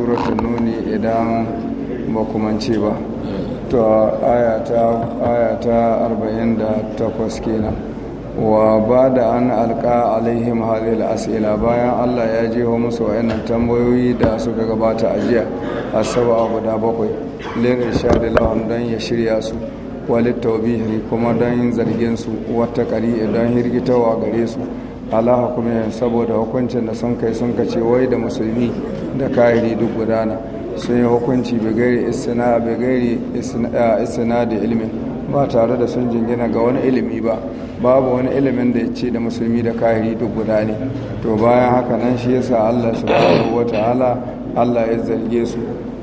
suratun nuni idan makumanci ba to ayata 48 kenan wa ba da an alka alaihim halil as'ila bayan allah ya jeho musu wa'annan tambayoyi da suka gabata a jiya a saba guda bakwai lirin da lahun don ya shirya su Walid taubihi kuma don yin zargin su wata kari don hirgitawa gare su kuma hukumihin saboda hukuncin da sun kai sun kace wai da musulmi da kahiri duk gudana sun yi hukunci bigari isina da ilimi ba tare da sun jingina ga wani ilimi ba babu wani ilimin da ya ce da musulmi da kahiri duk gudani to bayan haka nan shi yasa Allah subhanahu wataala Allah ya zarge su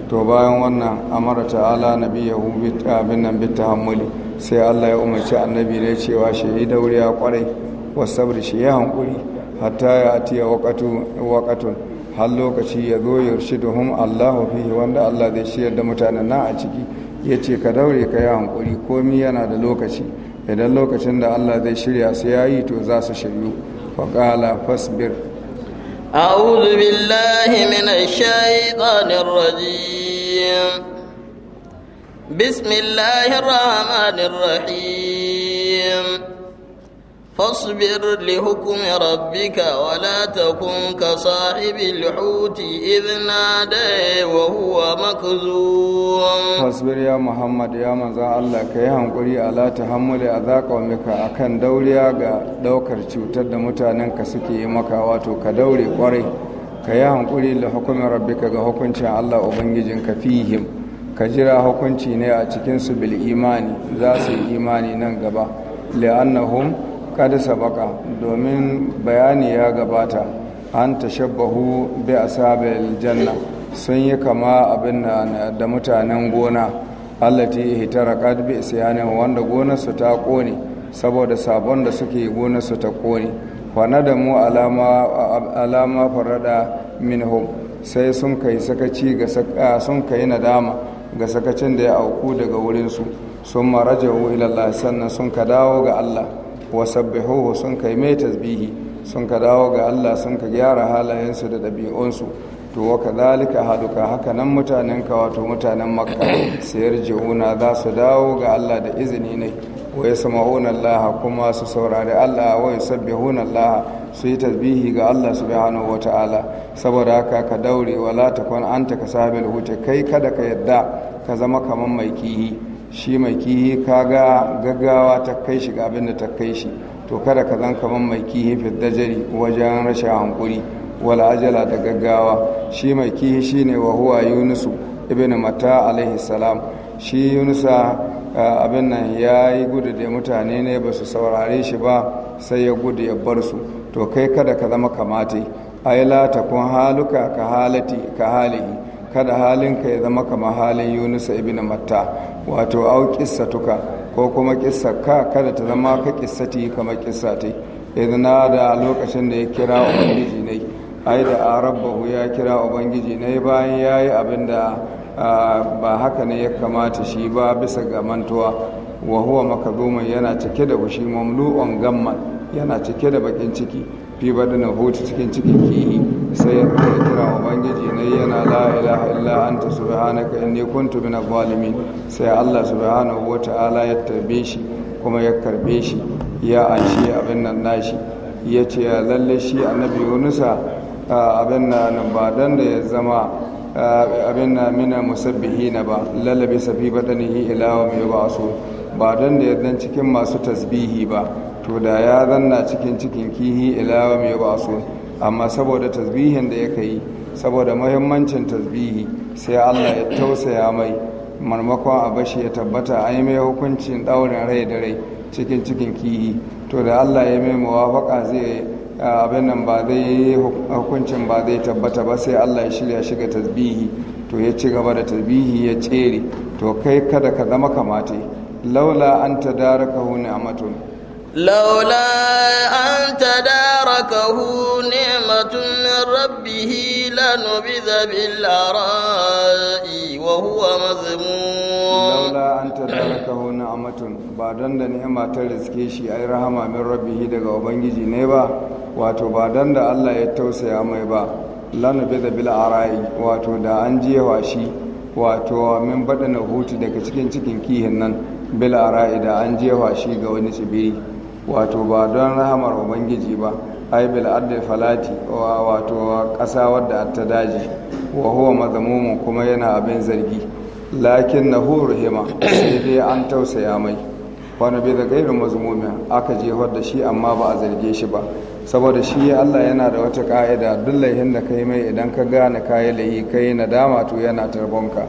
to bayan wannan amara ta'ala biya abin nan bi tahammuli sai Allah ya umarci annabi ne cewa shi yi ya kwarai wasu sabar shi ya hankuri hatta ya atiya waqatu har lokaci ya zo hun Allahu fihi wanda Allah zai shiyar da mutanen na a ciki ya ce ka daure ka yi hankuri komi yana da lokaci idan lokacin da Allah zai shirya su ya yi to za su shiryu faƙala fasbir a'udhu billahi minash shaitanir rajim bismillahir rahmanir rahim فاصبر لحكم ربك ولا تكن كصاحب الحوت إذ نادى وهو مكذوم فاصبر يا محمد يا من مزا الله كي هنقري على تحمل أذاك ومكا أكن دوليا دوكر تشوتد متانن كسكي مكا واتو كدولي قري كي هنقري لحكم ربك هكونش الله وبنجين كفيهم ka jira hukunci ne a cikinsu bil imani za su yi imani nan gaba li'annahum kada sabaka domin bayani ya gabata an tashabbahu bi asabil janna sun yi kama abin da mutanen gona allati hitaraqat bi isyanin wanda gonarsu ta kone saboda sabon da suke gonarsu ta kone kwana da mu alama farada minhum sai sun kai sakaci ga sun kai nadama ga sakacin da ya auku daga wurinsu sun marajahu ilallah sannan sun ka dawo ga Allah wasabbihuhu sun kai mai tasbihi sun ka dawo ga Allah sun ka gyara halayensu da ɗabi'unsu to wa kadhalika haduka haka nan mutanen ka wato mutanen makka sayar ji'una za su dawo ga Allah da izini ne wa yasma'una Allah kuma su saurari Allah wa yusabbihuna Allah su yi tasbihi ga Allah subhanahu wata'ala saboda haka ka daure wala takun anta kasabil hute kai kada ka yadda ka zama kaman mai kihi shi mai kihi kaga gaggawa ta kai shi ga abin da ta kai shi to kada ka zan kaman mai kihi fiddajari wajen rashin hankuri wala ajala da gaggawa shi mai kihi shine wa huwa yunusu ibn mata alaihi salam shi yunusa abin nan ya yi gudu da mutane ne ba su saurare shi ba sai ya gudu ya bar su to kai kada ka zama kamata ai la takun haluka ka halati ka halihi kada halinka ya zama kamar halin yunusa ibn matta wato au tuka ko kuma ka kada ta zama ka kama kissa kamar idan na da lokacin da ya kira ubangiji ne ai da arabahu ya kira ubangiji ne bayan yayi abin da ba haka ne ya kamata shi ba bisa ga mantuwa wa huwa makaduman yana cike da fushi mamlu'un gamman yana cike da bakin ciki fi badana hoti cikin cikin kihi sai ya kira ubangiji ne yana la ilaha illa anta subhanaka inni kuntu minaz zalimin sai Allah subhanahu ta'ala ya tarbe shi kuma ya karbe shi ya anshi abin nan nashi ya ce lalle shi annabi Yunusa abin nan ba dan da ya zama abin na mina na ba lallabi safi badanihi ila mai ba su ba don da yadda cikin masu tasbihi ba to da ya zanna cikin cikin kihi ilawa mai ba su amma saboda tasbihin da ya yi saboda mahimmancin tasbihi sai Allah ya tausaya mai marmakon a bashi ya tabbata a yi mai hukuncin daurin rai da rai cikin cikin kihi to da Allah ya mai mawafaka, zai abin nan ba zai hukuncin ba zai tabbata ba sai Allah ya shirya shiga tasbihi to ya ci gaba da tasbihi ya tsere to kai kada ka zama kamate laula an a ni'matun an لولا أن تداركه نعمة من ربه لنبذ بالعراء وهو مذموم لولا أن تداركه نعمة ba don da ni'ima ta riske shi ai rahama min rabbihi daga ubangiji ne ba wato ba don da Allah ya tausaya mai ba lanubi da bil arai wato da an jewa shi wato min baɗa na hutu daga cikin cikin kihin nan bil arai da an jewa shi ga wani tsibiri wato ba don rahamar ubangiji ba ai bil falati wato ƙasa wadda ta daji wa huwa mazamumun kuma yana abin zargi lakin na hima sai dai an tausaya mai wani bai da gairin mazmumin aka je wadda shi amma ba a zarge shi ba saboda shi Allah yana da wata ka'ida duk laihin da kai mai idan ka gane kayi layi kai na dama to yana tarbonka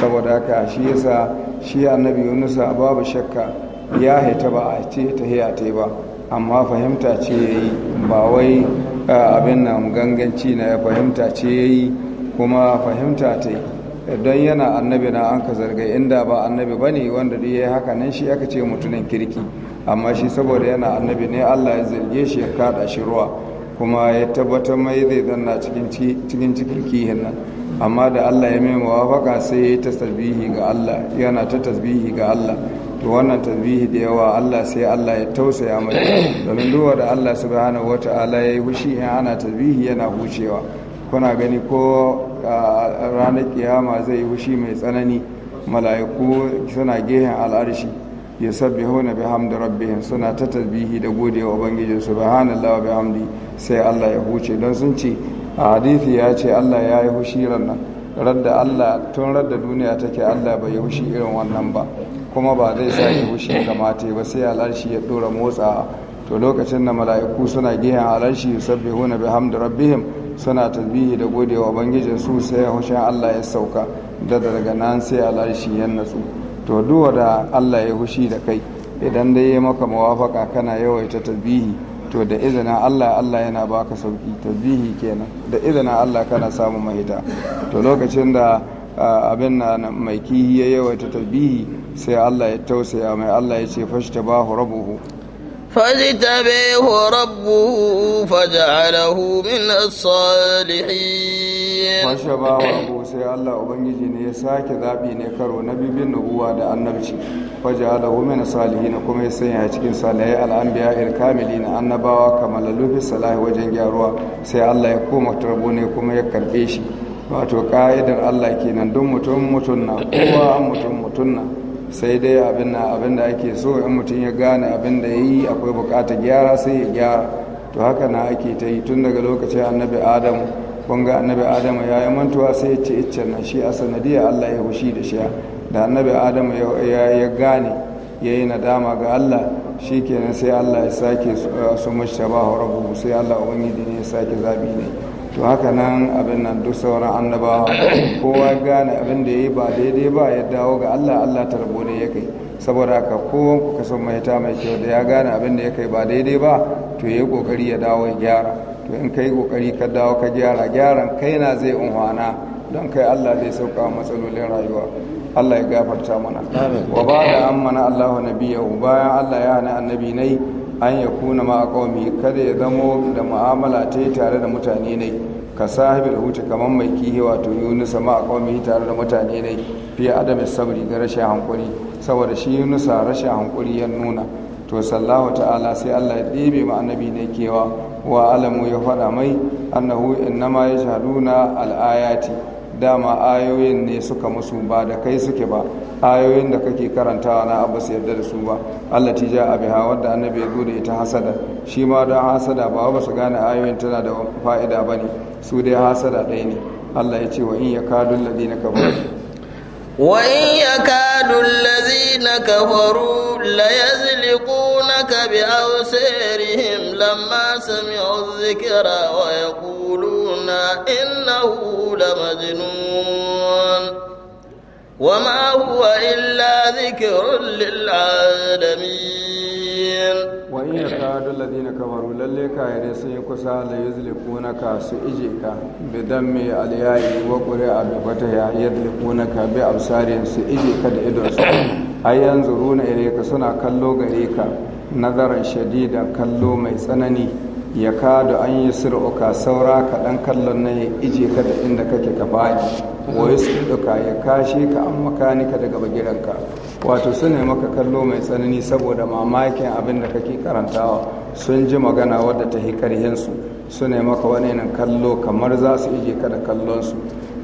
saboda haka shi yasa shi annabi yunusa babu shakka ya haita ba a ce ta haya ta ba amma fahimta ce ya yi ba wai abin nan ganganci na ya fahimta ce ya yi kuma fahimta ta yi don yana annabi na an ka zargai inda ba annabi ba ne wanda da ya yi haka nan shi aka ce mutumin kirki amma shi saboda yana annabi ne allah ya zarge shi ya kada shi ruwa kuma ya tabbatar mai zai zanna cikin cikin kihin nan amma da allah ya mai mawafaka sai ya yi tasbihi ga allah yana ta tasbihi ga allah to wannan tasbihi da yawa Allah sai Allah ya tausaya mai domin duwa da Allah subhanahu ala, ya yi hushi in ana tasbihi yana hucewa kuna gani ko ranar kiyama zai yi hushi mai tsanani mala'iku suna gehen al'arshi ya sabbi hauna bi hamdu rabbihim suna ta tasbihi da godewa ubangijin subhanallahi wa bihamdi sai Allah ya huce don sun ce a hadithi ya ce Allah ya yi hushi ran nan radda Allah tun radda duniya take Allah bai yi hushi irin wannan ba kuma ba zai sa ki da kamata ba sai alarshi ya dora motsa to lokacin da mala'iku suna gehen alarshi bi hamdu rabbihim suna tasbihi da godewa bangijin su sai hushin Allah ya sauka da daga nan sai alarshi ya natsu to duwa da Allah ya hushi da kai idan dai ya maka mawafaka kana yawaita tasbihi to da izinin Allah Allah yana baka sauki tasbihi kenan da izinin Allah kana samun mahita to lokacin da abin na mai kihi ya yawaita tasbihi sai Allah ya tausaya mai Allah ya ce fashta ba rabbuhu فاجتبيه ربه فجعله من الصالحين فشباه ربه سي الله ubangiji ne ya sake zabi ne karo na bibin nubuwa da annabci faja'alahu min as na kuma ya sanya cikin salihai al-anbiya kamili na annabawa kamar fi salahi wajen gyaruwa sai Allah ya koma turbo ne kuma ya karɓe shi wato ka'idar Allah kenan don mutum na kowa mutum na. sai dai abin da ake so in mutum ya gane abin da ya yi akwai bukatar gyara sai ya gyara to haka na ake ta yi tun daga lokacin annabi adam ga annabi adamu ya yi mantuwa sai ya ce iccen nan shi a sanadiyar allah ya hushi da shi da annabi adamu ya gane ya yi nadama ga allah shi kenan sai allah ya sake eh, su mashta ba sai allah ubangiji ne ya sake zabi ne to haka nan abin nan duk sauran annabawa kowa gane abin da yi ba daidai ba ya dawo ga allah allah tarbo ne ya kai saboda haka kowan ku mai ta mai kyau da ya gane abin da ya kai ba daidai ba to ya yi kokari ya dawo ya gyara to in ka yi kokari ka dawo ka gyara gyaran kai na zai unhwana don kai allah zai sauka matsalolin rayuwa allah ya gafarta mana wa ba da an mana allahu nabiyahu bayan allah ya hana annabi nai an ya kuna ma kada ya zamo da mu'amala ta yi tare da mutane ne ka da huti kamar mai kihe wato yunusa ma tare da mutane ne fiye adamin sabri ga rashin hankuri saboda shi yunusa rashin hankuri ya nuna to sallahu ta'ala sai Allah ya ɗebe ma annabi ne kewa wa alamu ya faɗa mai annahu innama yashhaduna al al'ayati dama ayoyin ne suka musu ba da kai suke ba ayoyin da kake karantawa na abbas yarda da su ba Allah ti ja hawa wadda annabi ya gode ita hasada shi ma don hasada ba ba su gane ayoyin tana da fa'ida ba ne su dai hasada ɗaya ne Allah ya ce wa in ya kadun na kafaru wa in yakadu na kafaru la yazliqunaka bi awsarihim lamma sami'u wa yaqulu إِنَّهُ إنه لمجنون وما هو إلا ذكر للعالمين وإن يكاد الذين كفروا لليك يرسي كسا ليزلقونك بِدَمِّ بدم الياء وقرئ بفتح يدلقونك بأبصارهم سئجيك لإدرس أي ينظرون إليك سنة كاللو غريك نظرا شديدا كاللو ميسنني ya kada an yi suruka saura kaɗan kallon na ya ije ka da inda kake ka faɗi wa ya ya kashe ka an makanika daga bagiranka wato ne maka kallo mai tsanani saboda mamakin abin da kake karantawa sun ji magana wadda ta su ne maka wani nan kallo kamar za su ije ka da kallonsu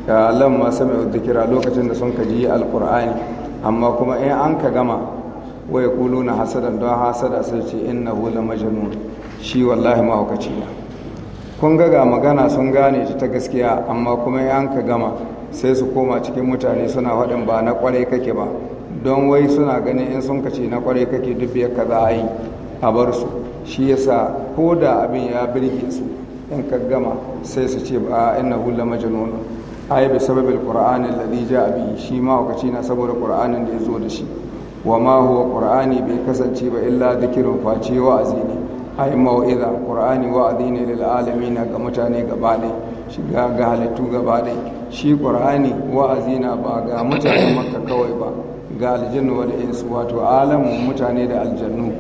alam masu mai dukira lokacin da sun kaji alkur'ani amma kuma in an ka gama wai kulu na hasadan don hasada sai ce innahu hula majnun shi wallahi mahaukaci na kun ga magana sun gane ta gaskiya amma kuma yan ka gama sai su koma cikin mutane suna haɗin ba na kwarai kake ba don wai suna ganin in sun kace na kwarai kake duk biyar ka za a yi a bar su shi yasa ko da abin ya birge su in ka gama sai su ce ba inna hula majnun ai bi sababil qur'ani alladhi ja'a bi shi mahaukaci na saboda qur'anin da ya zo da shi wa ma huwa qur'ani bai kasance ba illa dhikrun facewa wa'azi ne ai mau'iza qur'ani wa'azi ne lil alamin ga mutane gaba shiga ga halittu gaba shi qur'ani wa'azi na ba ga mutane makka kawai ba ga aljannu wal insu wato alamun mutane da aljannu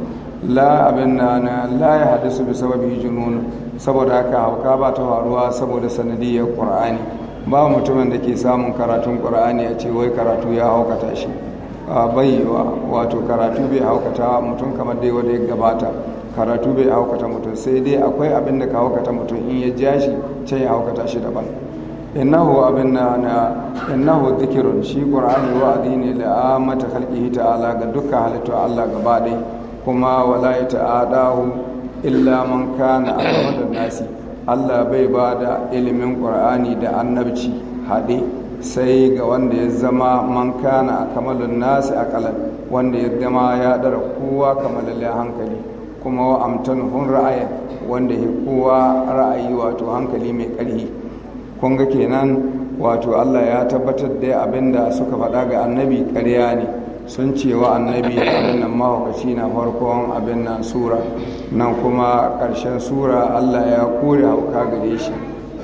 la abin na na la ya hadisu bi sababi junun saboda haka hauka ba ta faruwa saboda sanadiyar qur'ani ba mutumin da ke samun karatun qur'ani a ce wai karatu ya haukata shi a bayyawa wato karatu bai haukata mutum kamar dai wanda ya gabata karatu bai aukata mutum sai dai akwai abin da ka aukata mutum in ya ja shi can ya aukata shi daban innahu abin na innahu shi qur'ani wa'azi ne da amata khalqihi ta'ala ga duka halittu Allah gaba dai kuma wala ta'adahu illa man kana aqwal nasi Allah bai ba da ilimin qur'ani da annabci haɗe sai ga wanda ya zama man kana a kamalun nasi akalan wanda ya zama ya ɗara kowa kamalallen hankali kuma wa hun ra'ayin wanda ya kowa ra'ayi wato hankali mai ƙarfi kun ga kenan wato Allah ya tabbatar da abin da suka faɗa ga annabi ƙarya ne sun ce wa annabi abin nan mahaukaci na farkon abin nan sura nan kuma ƙarshen sura Allah ya kore hauka gare shi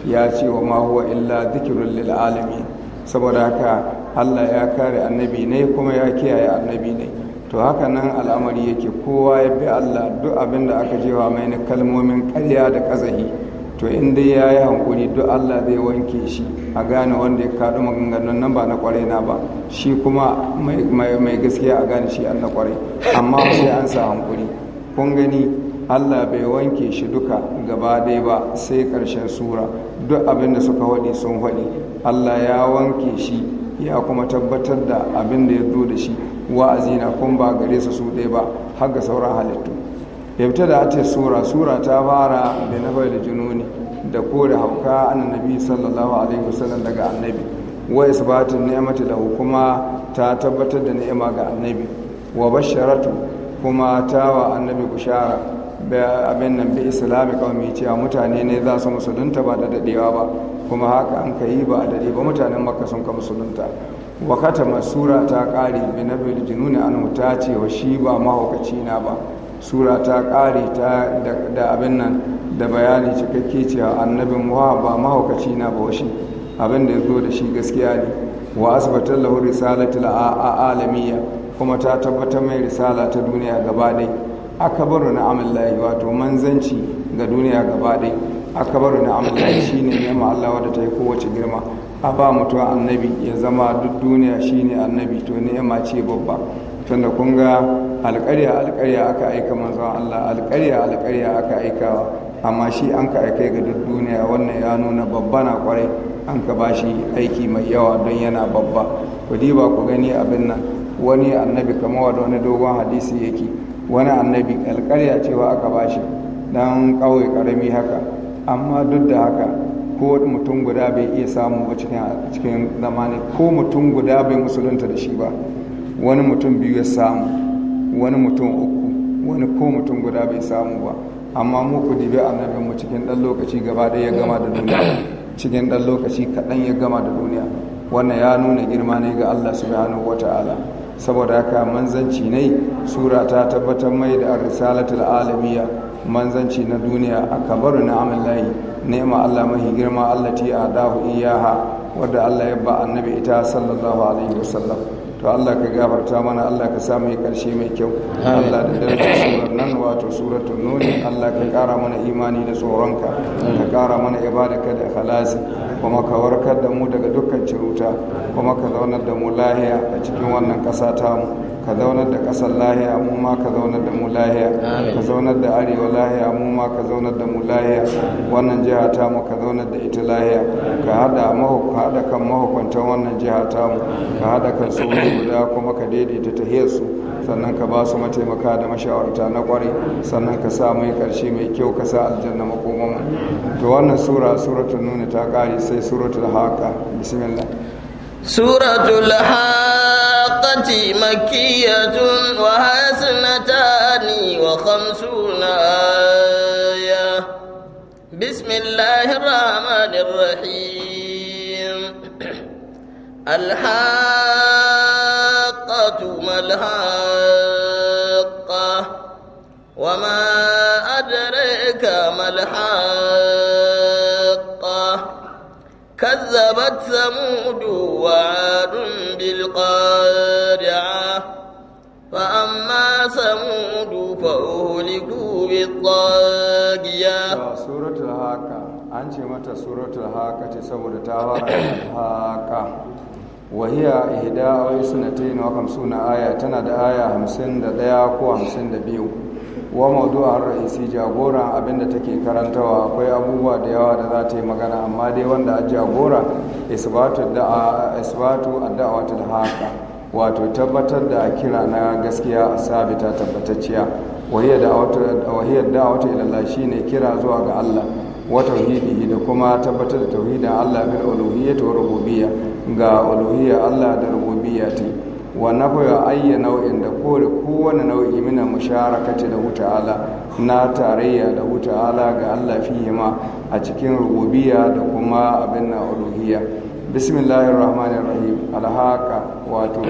ya ce wa ma illa dhikirul lil alamin saboda haka Allah ya kare annabi ne kuma ya kiyaye annabi ne to haka nan al'amari yake kowa ya bi Allah duk abin da aka jewa mai na kalmomin karya da kazahi to in dai ya yi hankuri duk Allah zai wanke shi a gane wanda ya kaɗu maganganun nan ba na kwarai na ba shi kuma mai gaskiya a gane shi an na kwarai amma sai an sa hankuri kun gani Allah bai wanke shi duka gaba dai ba sai ƙarshen sura duk abin da suka waɗi sun waɗi Allah ya wanke shi ya kuma tabbatar da abin da ya zo da shi wa'azi na kun ba gare su su ɗaya ba har ga sauran halittu yabta da ta sura sura ta fara da na da jununi da kore hauka annabi sallallahu alaihi wasallam daga annabi wa isbatin ni'mati lahu kuma ta tabbatar da ni'ima ga annabi wa basharatu kuma ta wa annabi bushara abin nan bi islami kawai cewa mutane ne za su musulunta ba da dadewa ba kuma haka an ka yi ba a dade ba mutanen makka sun ka musulunta wa kata sura ta kare bi nabil jununi an ta ce wa shi ba mahaukaci na ba sura ta kare ta da abin nan da bayani cikakke cewa annabin wa ba mahaukaci na ba shi abin da ya zo da shi gaskiya ne wa asbatar lahu risalatul alamiyya kuma ta tabbatar mai risala ta duniya gaba ɗaya akabaru na amallahi wato manzanci ga duniya gaba ɗaya akabaru na amla ne nema Allah wadda ta yi kowace girma a ba mutuwa annabi ya zama duk duniya shine annabi to ni'ima ce babba tunda kun ga alƙarya alƙarya aka aika manzon Allah alƙarya alƙarya aka aikawa amma shi an ka aika ga duk duniya wannan ya nuna babba na kwarai an ka ba shi aiki mai yawa don yana babba ku ku gani abin nan wani annabi kamar wa wani dogon hadisi yake wani annabi alƙarya cewa aka ba shi dan ƙauye ƙarami haka amma duk da haka ko mutum guda bai iya samu ba cikin zamani ko mutum guda bai musulunta da shi ba wani mutum biyu ya samu wani mutum uku wani ko mutum guda bai samu ba amma mu ku dibe annabin mu cikin dan lokaci gaba da ya gama da duniya cikin dan lokaci kadan ya gama da duniya wannan ya nuna girma ne ga Allah subhanahu wata'ala saboda haka manzanci ne sura ta tabbatar mai da risalatul alamiya manzanci na duniya a kabaru na amallahi nema Allah mahi girma Allah ti a dahu iyaha wadda Allah ya ba annabi ita sallallahu alaihi wasallam to Allah ka gafarta mana Allah ka sa karshe mai kyau Allah da darajar surar nan wato suratu nuni Allah ka kara mana imani da tsoronka ka kara mana ibadaka da khalasi kuma ka warkar da mu daga dukkan ciruta kuma ka zaunar da mu lahiya a cikin wannan ƙasa tamu ka zaunar da ƙasar lahiya mu ma ka zaunar da mu lahiya ka zaunar da arewa lahiya mu ma ka zaunar da mu lahiya wannan jiha tamu ka zaunar da ita lahiya ka hada ka hada kan mahukuntan wannan jiha tamu ka hada kan su guda kuma ka daidaita tahiyar su sannan ka ba su mataimaka da mashawarta na kwarai sannan ka sa mai karshe mai kyau ka sa aljanna makomanmu to wannan sura suratul nuna ta kare sai suratul haqa bismillah suratul haqati makiyatun wa hasnatani wa khamsuna ya bismillahir rahmanir rahim الحاقة ما الحاقة وما أدريك ما الحاقة كذبت ثمود وعاد بالقارعة فأما ثمود فأهلكوا بالطاغية سورة الحاقة أنت متى سورة الحاقة saboda ta fara wahiya ihda aw sunatayn wa khamsuna aya tana da aya 51 ko 52 wa mawdu'ar ra'isi jagora abinda take karantawa akwai abubuwa da yawa da za ta yi magana amma dai wanda a jagora isbatu da'a isbatu ad-da'watu al-haqa wato tabbatar da kira na gaskiya a sabita tabbatacciya wahiyar da'awatu ila Allah shine kira zuwa ga Allah wa tauhidihi da kuma tabbatar da tauhidin Allah bil uluhiyyah wa rububiyyah ga uluhiyya Allah da rububiyya ta wa koya ayya nau'in da kore kowane nau'i mina musharakati da ala na tarayya da ala ga Allah fihi ma a cikin rububiyya da kuma abin na uluhiyya bismillahir rahmanir rahim alhaqa wato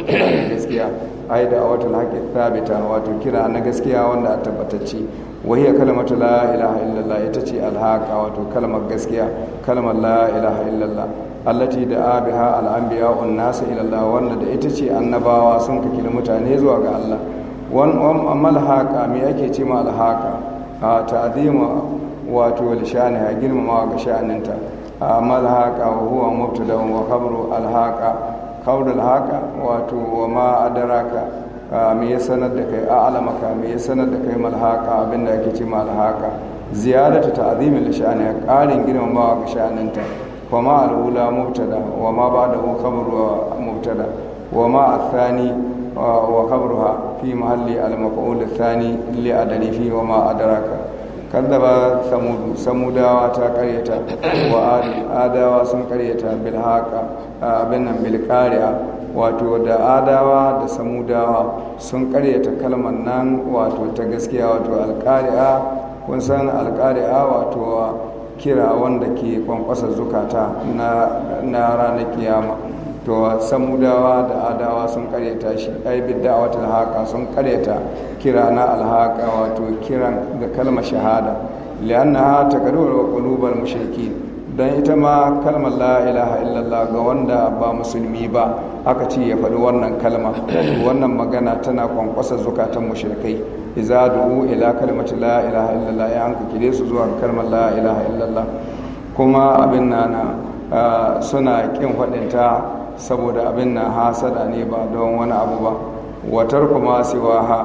gaskiya ai da wata haƙi thabita wato kira na gaskiya wanda a tabbatacce wahi a kalmata la ilaha illallah ita ce alhaka, wato kalmar gaskiya kalmar la ilaha illallah allati da abiha al-anbiya wan nas ila Allah wanda da ita ce annabawa sun ka kira mutane zuwa ga Allah wan amal haqa me ake ce ma alhaqa ta'zima wato lishaniha girmamawa ga sha'aninta amal haqa wa huwa mubtada wa khabru alhaka. kaulul haka wato wa ma adaraka me ya sanar da kai a a'lamaka me ya sanar da kai malhaka abinda ake ce malhaka ziyaratu ta'zimin li sha'ani ƙarin girmamawa ga sha'aninta wa ma al'ula mubtada wa ma ba'dahu khabaru mubtada wa ma athani wa khabaruha fi mahalli al-maf'ul athani li adani fi wa ma adaraka kaddaba samudu samudawa ta karyata wa adawa sun karyata bil haqa abin nan bil qari'a wato da adawa da samudawa sun karyata kalmar nan wato ta gaskiya wato alqari'a kun san alqari'a wato kira wanda ke kwankwasa zukata na ranar kiyama to samudawa da adawa sun kareta shi ai bidda'awatul haqa sun karyata kira na alhaqa wato kiran da kalmar shahada ha, li'annaha taqarrur kulubar mushrikin dan ita ma kalmar la ilaha illallah ga wanda ba musulmi ba aka ce ya faɗi wannan kalma wannan magana tana kwankwasa zukatan mushrikai iza du'u ila kalmati la ilaha illallah ya hanka kire su zuwa kalmar la ilaha illallah kuma abin nana suna kin faɗinta saboda abin na hasada ne ba don wani abu ba watar kuma siwa ha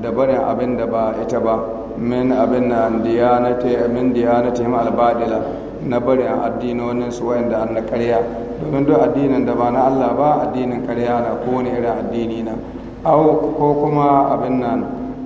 da barin abin da ba ita ba min abin na diyanati min diyanatihim albadila na barin addinonin su wayanda an na karya domin duk addinin da ba na Allah ba addinin karya na kowane irin addini na au ko kuma abin nan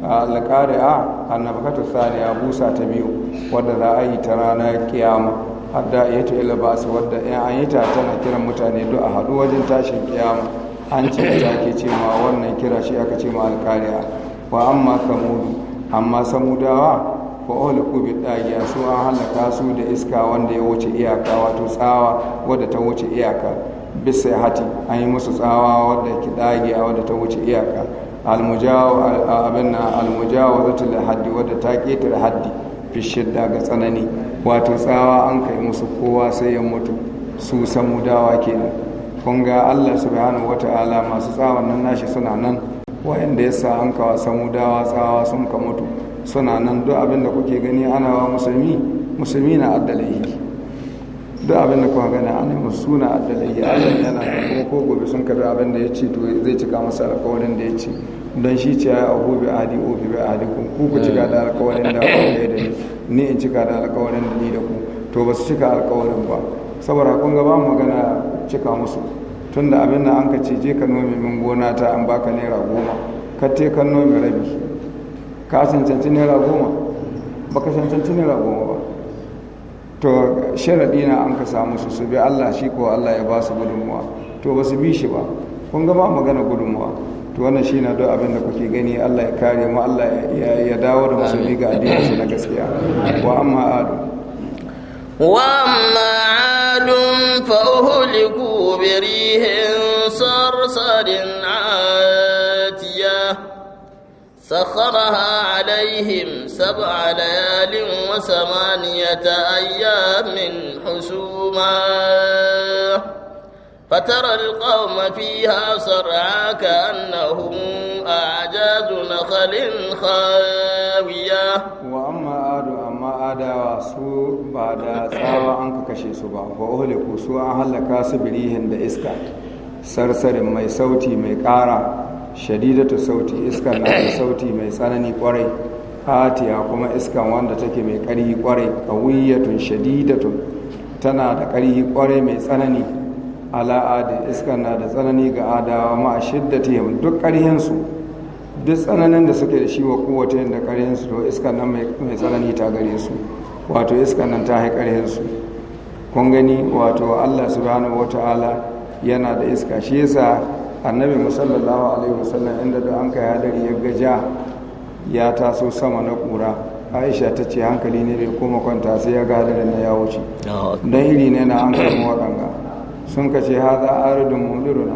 alƙari'a annabakatu saniya busa ta biyu wadda za a yi ta ranar kiyama hadda ya ta yi labasa wadda ya an yi ta tana kiran mutane duk a haɗu wajen tashin kiyama an ce ta ke ce ma wannan kira shi aka ce ma alkariya wa amma samudu amma samudawa ba ola kubi ɗagiya su an halaka su da iska wanda ya wuce iyaka wato tsawa wadda ta wuce iyaka bisa hati an yi musu tsawa wadda ki ɗagiya wadda ta wuce iyaka almujawo abin na almujawo zata haddi wadda ta ketare haddi bishidda ga tsanani wato tsawa an kai musu kowa sai ya mutu su samu dawa kenan kun ga Allah subhanahu wata'ala masu tsawon nan nashi suna nan wa'anda ya sa an kawa samu dawa tsawa sun ka mutu suna nan duk abin da kuke gani ana wa musulmi musulmi na addalaihi duk abin da kuka gani ana musu suna addalaihi Allah yana kuma ko gobe sun karbi abin da ya ce to zai cika masa alƙawarin da ya ce don shi ce ya abu bi adi o bi adi kun ku ku cika da alkawarin da ne da ni ni in cika da alkawarin da ni da ku to ba su cika alkawarin ba saboda kun ga ba magana cika musu tun da abin da an ka ce je ka nome min gona ta an baka naira goma ka te ka nome rabi ka cancanci naira goma ba ka cancanci naira goma ba to sharaɗi na an ka samu su su bi allah shi ko allah ya ba su gudunmuwa to ba su bi shi ba kun ga ba magana gudunmuwa to wannan shi na don abin da kuke gani allah ya kare mu allah ya dawo da musulmi ga addinin su na gaskiya wa amma adu wa amma adun fa uhliku bi rihin sarsarin atiya سخرها عليهم سبع ليال وثمانية أيام husuma. فترى القوم فيها سرعى كأنهم أعجاز نخل خاوية وأما آد أما آد سوء بعد ساوى أنك كشي سبا وأهلكوا سوء أهلكا سبريهن بإسكا sarsari mai sauti mai ƙara shadidatu sauti iska na da sauti mai tsanani kwarai hatiya kuma iskan wanda take mai ƙarhi kwarai ƙawiyatun shadidatun tana da ƙarhi kwarai mai tsanani adi iska na da tsanani ga adawa ma a shiddatihim duk ƙarhinsu duk tsananin da suke da shi wa kowace da ƙarhinsu to iska nan mai tsanani ta gare su wato iska nan ta haƙarhinsu kun gani wato allah subhanahu wata ala yana da iska shi yasa annabi musallallahu alaihi wasallam inda da an kai hadari ya gaja ya taso sama na kura aisha ta ce hankali ne bai koma kwanta sai ya ga hadarin na ya wuce don iri ne na an kai waɗanga sun ka ce a aridun mudiruna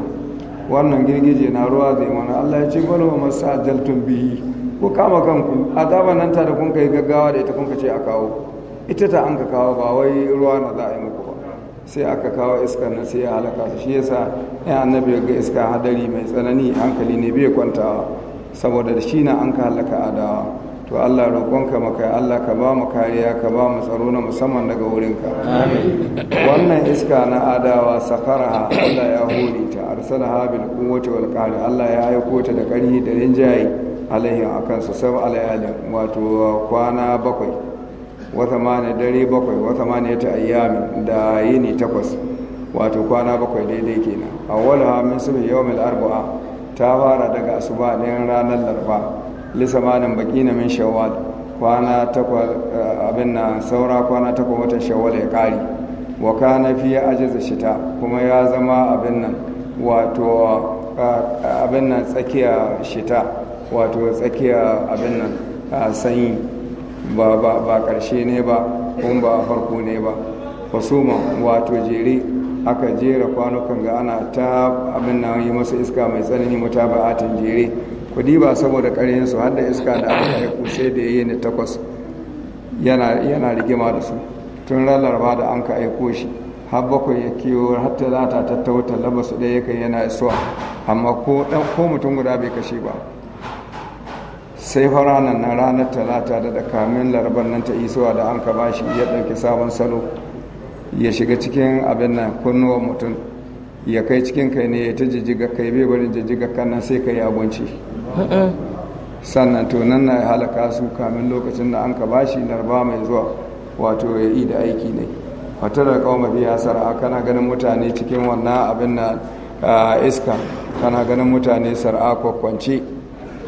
wannan girgije na ruwa zai mana Allah ya ce bala wa masu ajaltun biyu. ko kama kanku azaba nan ta da kun kai gaggawa da ita kun ce a kawo ita ta an ka kawo ba wai ruwa na za a yi muku ba sai aka kawo iskar nan sai ya halaka su shi yasa ya annabi ya ga iska hadari mai tsanani hankali ne bai kwantawa saboda da shi na an ka halaka adawa to Allah roƙonka maka Allah ka ba mu kariya ka ba mu tsaro na musamman daga wurinka wannan iska na adawa sakaraha Allah ya hore ta arsala habil quwwati wal qahri Allah ya aiko ta da ƙarfi da rinjaye alaihi akan su sab alayalin wato kwana bakwai ma ne dare bakwai ma ne ta ayyami da yini takwas wato kwana bakwai daidai kenan awwalaha min subhi yawmil arba'a ta fara daga asuba ne ranar larba lisamanin baki na min shawwal kwana takwas eh, abin na saura kwana takwas watan shawwal ya kari wa kana fi ajiza shita kuma ya zama abin nan wato eh, abin nan tsakiya shita wato tsakiya abin nan eh, sanyi ba karshe ne ba kuma ba farko ne ba fasuma wato jere aka jera kwanukan ga ana ta abin nan yi masa iska mai tsanani mutaba'atin jere kudi ba saboda karyen har da iska da aka yi sai da ya yi ni takwas yana rigima da su tun ranar da an ka aiko shi har bakwai ya kiwo har talata ta tauta su ɗaya kai yana isuwa amma ko mutum guda bai kashe ba sai faranan nan na ranar talata da da kamin larabar nan ta isuwa da an ka bashi ya ɗauki sabon salo ya shiga cikin abin nan kunnuwan mutum ya kai cikin kai ne ya ta jijiga kai bai barin jijiga nan sai ka yi abinci sannan to nan na halaka su kamin lokacin da an ka bashi narba mai zuwa wato ya yi da aiki ne da kawo mafi a kana ganin mutane cikin wannan abin na iska kana ganin mutane sar'a kwakwance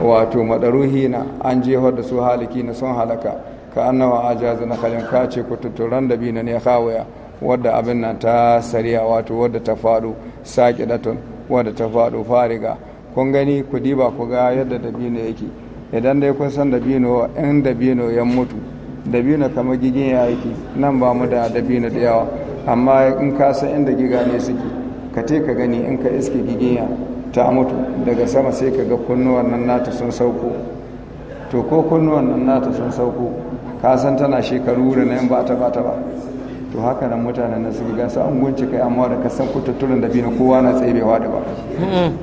wato madaruhi na an jefar da su haliki na son halaka ka annawa ajazu na kalin kace kututturan da bi na ne kawaya. wadda abin nan ta sariya wato wadda ta faɗo sake daton wadda ta faɗo fariga kun gani ku diba ku ga yadda dabino yake idan dai kun san dabino in dabino ya mutu dabino kamar gigin ya yake nan ba mu da dabino da yawa amma in ka san inda giga ne suke ka te ka gani in ka iske gigin ta mutu daga sama sai ka ga kunnuwan nan nata sun sauko to ko kunnuwan nan nata sun sauko ka tana shekaru da nan ba ta ba ta ba to haka nan mutanen na suka gasa an gunci kai amma da kasan kututturen da bi na kowa na tsebewa da ba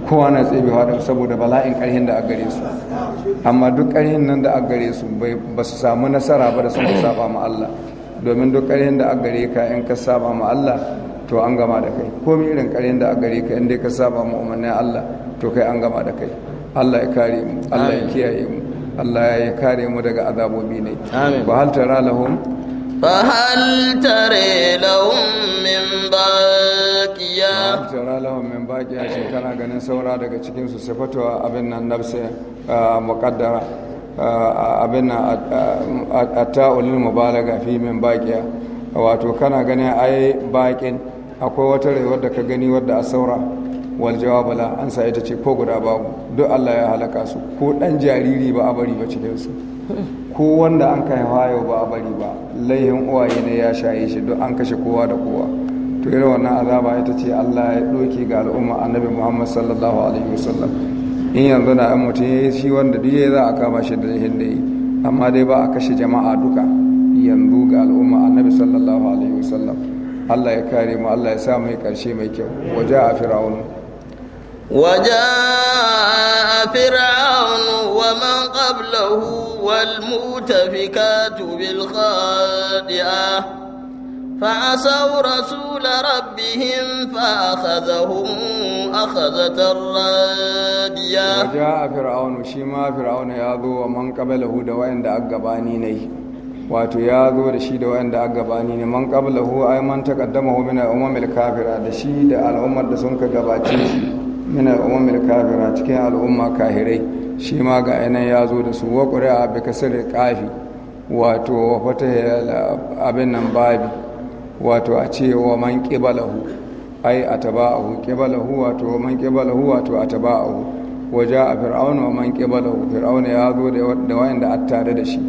kowa na tsebewa da saboda bala'in karhin da a gare su amma duk karhin nan da a gare su ba su samu nasara ba da sun saba ma Allah domin duk karhin da a gare ka in ka saba ma Allah to an gama da kai ko irin karhin da a gare ka in dai ka saba ma umarnin Allah to kai an gama da kai Allah ya kare mu Allah ya kiyaye mu Allah ya kare mu daga azabobi ne Amin. hal tara lahum فهل ترى لهم من باقيا فهل ترى لهم من باقية شكرا غنين سورا دقا چكين سفتوا أبنا النفس مقدرة abinna a ta'ulil mubalaga fi min baqiya wato kana ganin ai baqin akwai wata rai da ka gani wadda a saura wal jawabala an sa ita ce ko guda babu duk Allah ya halaka su ko dan jariri ba a bari ba cikinsu ko wanda an kai hayo ba a bari ba laihin uwaye ne ya shaye shi duk an kashe kowa da kowa to irin wannan azaba ita ce Allah ya doke ga al'umma annabi Muhammad sallallahu alaihi wasallam in yanzu na an mutum yayi shi wanda duk za a kama shi da laihin da yi amma dai ba a kashe jama'a duka yanzu ga al'umma annabi sallallahu alaihi wasallam Allah ya kare mu Allah ya sa mu karshe mai kyau waje a fir'aunu waje a fir'aunu wa man qablahu والمؤتفكات بالخاطئة فعصوا رسول ربهم فأخذهم أخذة رادية وجاء فرعون شيما فرعون ياذو ومن قبله دوين دا أقباني ني wato ya zo da shi da wayanda aka gabani ne man qablahu ay man taqaddamahu min al-umam al-kafira da shi da al'ummar da sun ka gabace shi min al'ummar kafira cikin al'umma kahirai shi ma ga yanayi ya zo da su wa ƙuri'a bi kasar kafi wato wa fata abin nan babi wato a ce wa man ƙibalahu ai a taba'ahu ƙibalahu wato wa man ƙibalahu wato a taba'ahu waje a fir'auna wa man ƙibalahu fir'auna ya zo da wayan da attare da shi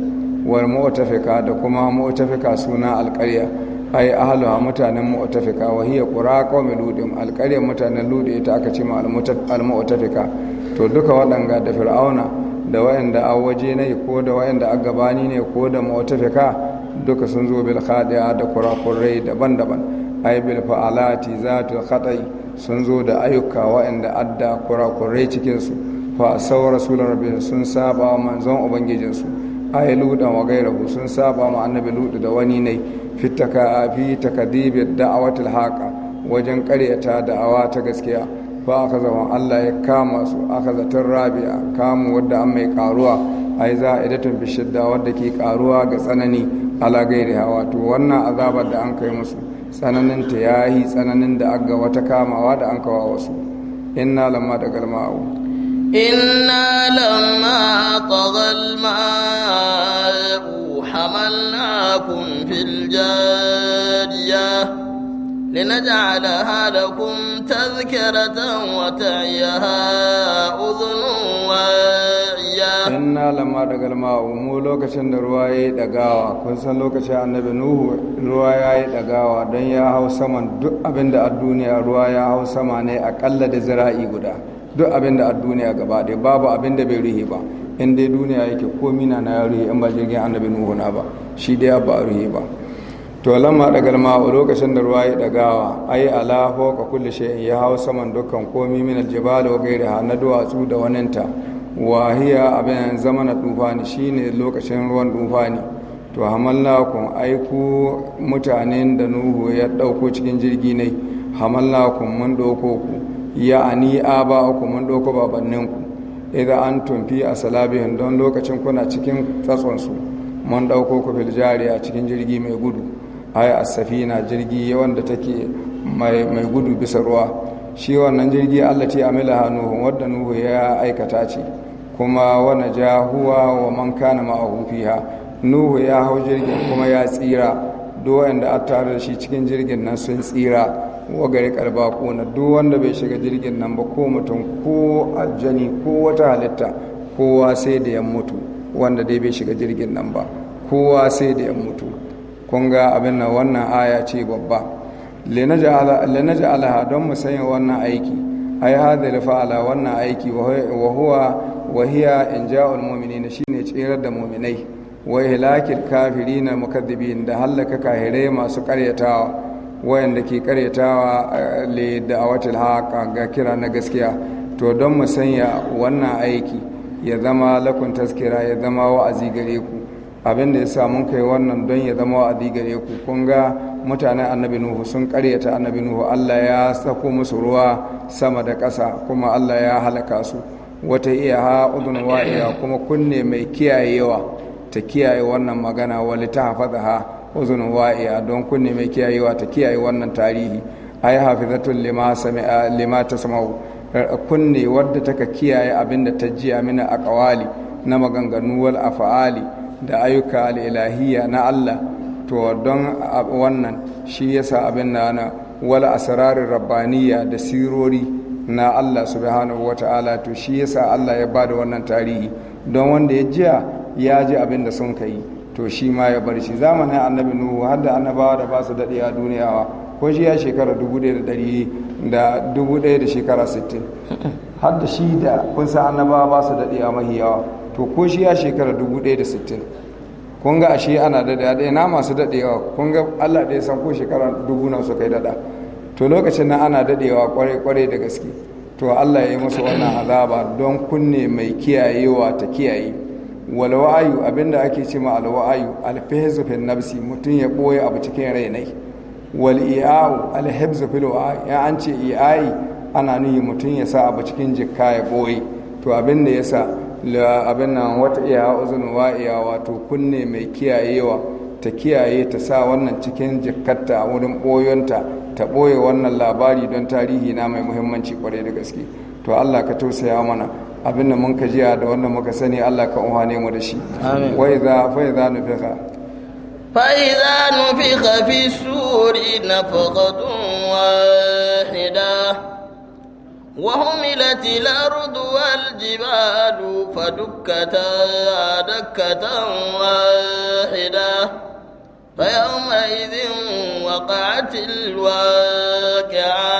wal mu'tafika da kuma mu'tafika suna alƙarya ai ahaluha mutanen mu'tafika wa hiya qura qaumi ludin alqaryar mutanen ludi ita aka ce ma al-mu'tafika to duka waɗanga da fir'auna da wayanda a waje ne ko da wayanda a gabani ne ko da mu'tafika duka sun zo bil khadi'a da qurai daban-daban ai bil fa'alati zatu khata'i sun zo da ayyuka wayanda adda qurai cikin su fa saw rasul rabbi sun saba manzon ubangijinsu ai ludan wa gairahu sun saba ma annabi ludu da wani ne fi takadibi da'awatul haqa wajen ƙaryata da'awa ta gaskiya fa aka zama Allah ya kama su aka zatar rabi'a kamu wadda an mai karuwa ai za a idatun shidda wadda ke karuwa ga tsanani ala gairiha wato wannan azabar da an kai musu tsananin ta yayi tsananin da aga wata kamawa da an kawa wasu inna lamma da galma. galma'u inna lamma tagal ma'u حملناكم في الجارية لنجعلها لكم تذكرة وتعيها أذن واعية إنا لما دقل ما أمو لوكشن رواي دقاوة كنسان لوكشن النبي نوح رواي دقاوة دنيا هاو سمن دق أبند الدنيا رواي هاو سمن أقل دزرائي قدا duk abin da a duniya gaba ɗaya babu abin da bai ruhe ba in dai duniya yake komi na na ruhe in ba jirgin annabi nuhu na ba shi dai ba a rihe ba to lamma galma a lokacin da ruwa ya dagawa ai ala ka kulli shay'in ya hau saman dukkan komi min aljibal wa ghayriha na duwatsu da waninta wa hiya abin na tufani shine lokacin ruwan tufani to kun aiku mutanen da nuhu ya dauko cikin jirgi ne kun mun dauko ku ya'ani aba'ukum mun doko babanninku idan an tumfi a salabihin don lokacin kuna cikin su mun dauko ku jari a cikin jirgi mai gudu ai a safina jirgi wanda take mai gudu bisa ruwa shi wannan jirgi allah ta amila hanu wanda nuhu ya aikata ce kuma wani jahuwa wa man kana ma'ahu fiha nuhu ya hau jirgin kuma ya tsira duk wanda a tare da shi cikin jirgin nan sun tsira wa gari karba kuna duk wanda bai shiga jirgin nan ba ko mutum ko aljani ko wata halitta kowa sai da 'yan mutu wanda dai bai shiga jirgin nan ba kowa sai da 'yan mutu kun ga abin nan wannan aya ce babba linaja Alha, don mu sanya wannan aiki ai da fa'ala wannan aiki wa huwa wa hiya inja'ul mu'minina shine tsirar da mu'minai wa kafiri na mukaddibin da halaka kahirai masu karyatawa wayanda ke karyatawa eh, le da awatul ga kira na gaskiya to don mu sanya wannan aiki ya zama lakun taskira ya zama wa'azi gare ku abin da ya sa mun kai wannan don ya zama wa'azi gare ku kun ga mutanen annabi nuhu sun karyata annabi nuhu Allah ya sako musu ruwa sama da ƙasa kuma Allah ya halaka su wata iya ha udun wa'iya kuma kunne mai kiyayewa ta kiyaye wannan magana wali ta hafaza ha uzun wa'iya don kunne mai kiyayewa ta kiyaye wannan tarihi yi hafizatun lima sami'a lima kunne wadda taka kiyaye da ta ji amina kawali na maganganu wal fa'ali da ayyuka al na Allah to don wannan shi yasa abin na na wal asrarir rabbaniya da sirori na Allah subhanahu ta'ala to shi yasa Allah ya bada wannan tarihi don wanda ya jiya ya ji abin da sun ka yi. to shi ma ya bar shi zamanin annabi nuhu har da annabawa da ba su daɗe a duniyawa ko shi ya shekara dubu ɗaya da ɗari da dubu ɗaya da shekara sittin har da shi da kun san annabawa ba su daɗe a mahiyawa to ko shi ya shekara dubu ɗaya da sittin kun ga ashe ana daɗe a ɗaya na masu daɗewa kun ga allah ɗaya san ko shekara dubu nan su kai daɗa to lokacin nan ana daɗewa kwarai-kwarai da gaske to allah ya yi musu wannan azaba don kunne mai kiyayewa ta kiyaye walwa'ayu abinda ake ce ma alwa'ayu alfihzu fil nafsi mutum ya boye abu cikin rainai wal i'a'u alhibzu fil wa'i ya an ce i'ai ana nuni mutum ya sa abu cikin jikka ya boye to abin da la abin nan wata iya uzun wa'iya wato kunne mai kiyayewa ta kiyaye ta sa wannan cikin jikkarta a wurin boyonta ta boye wannan labari don tarihi na mai muhimmanci kwarai da gaske to Allah ka tausaya mana abinda mun ka jiya da wannan muka sani Allah ka umhane mu da shi wa idza fa idza nufiqa fa idza nufiqa fi suri nafaqatun wahida wa humilat al-ard wal jibal fadukkatat dakkatan wahida فيومئذ وقعت الواقعة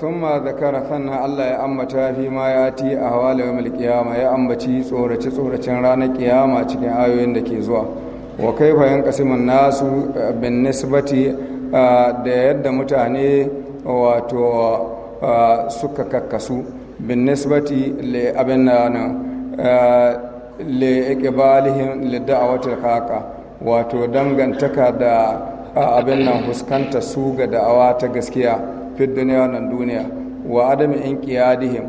ثم ذكر ثنا الله يا أمتا فيما يأتي أهوال يوم القيامة يا أمتي صورة صورة ranar قيامة cikin ayoyin da ke zuwa wa kaifa nasu eh, bin eh, da yadda mutane wato eh, suka kakkasu bin nisbati li abin nan li wato dangantaka da abin nan fuskanta su ga da'awa ta gaskiya fit duniya nan duniya wa adam in qiyadihim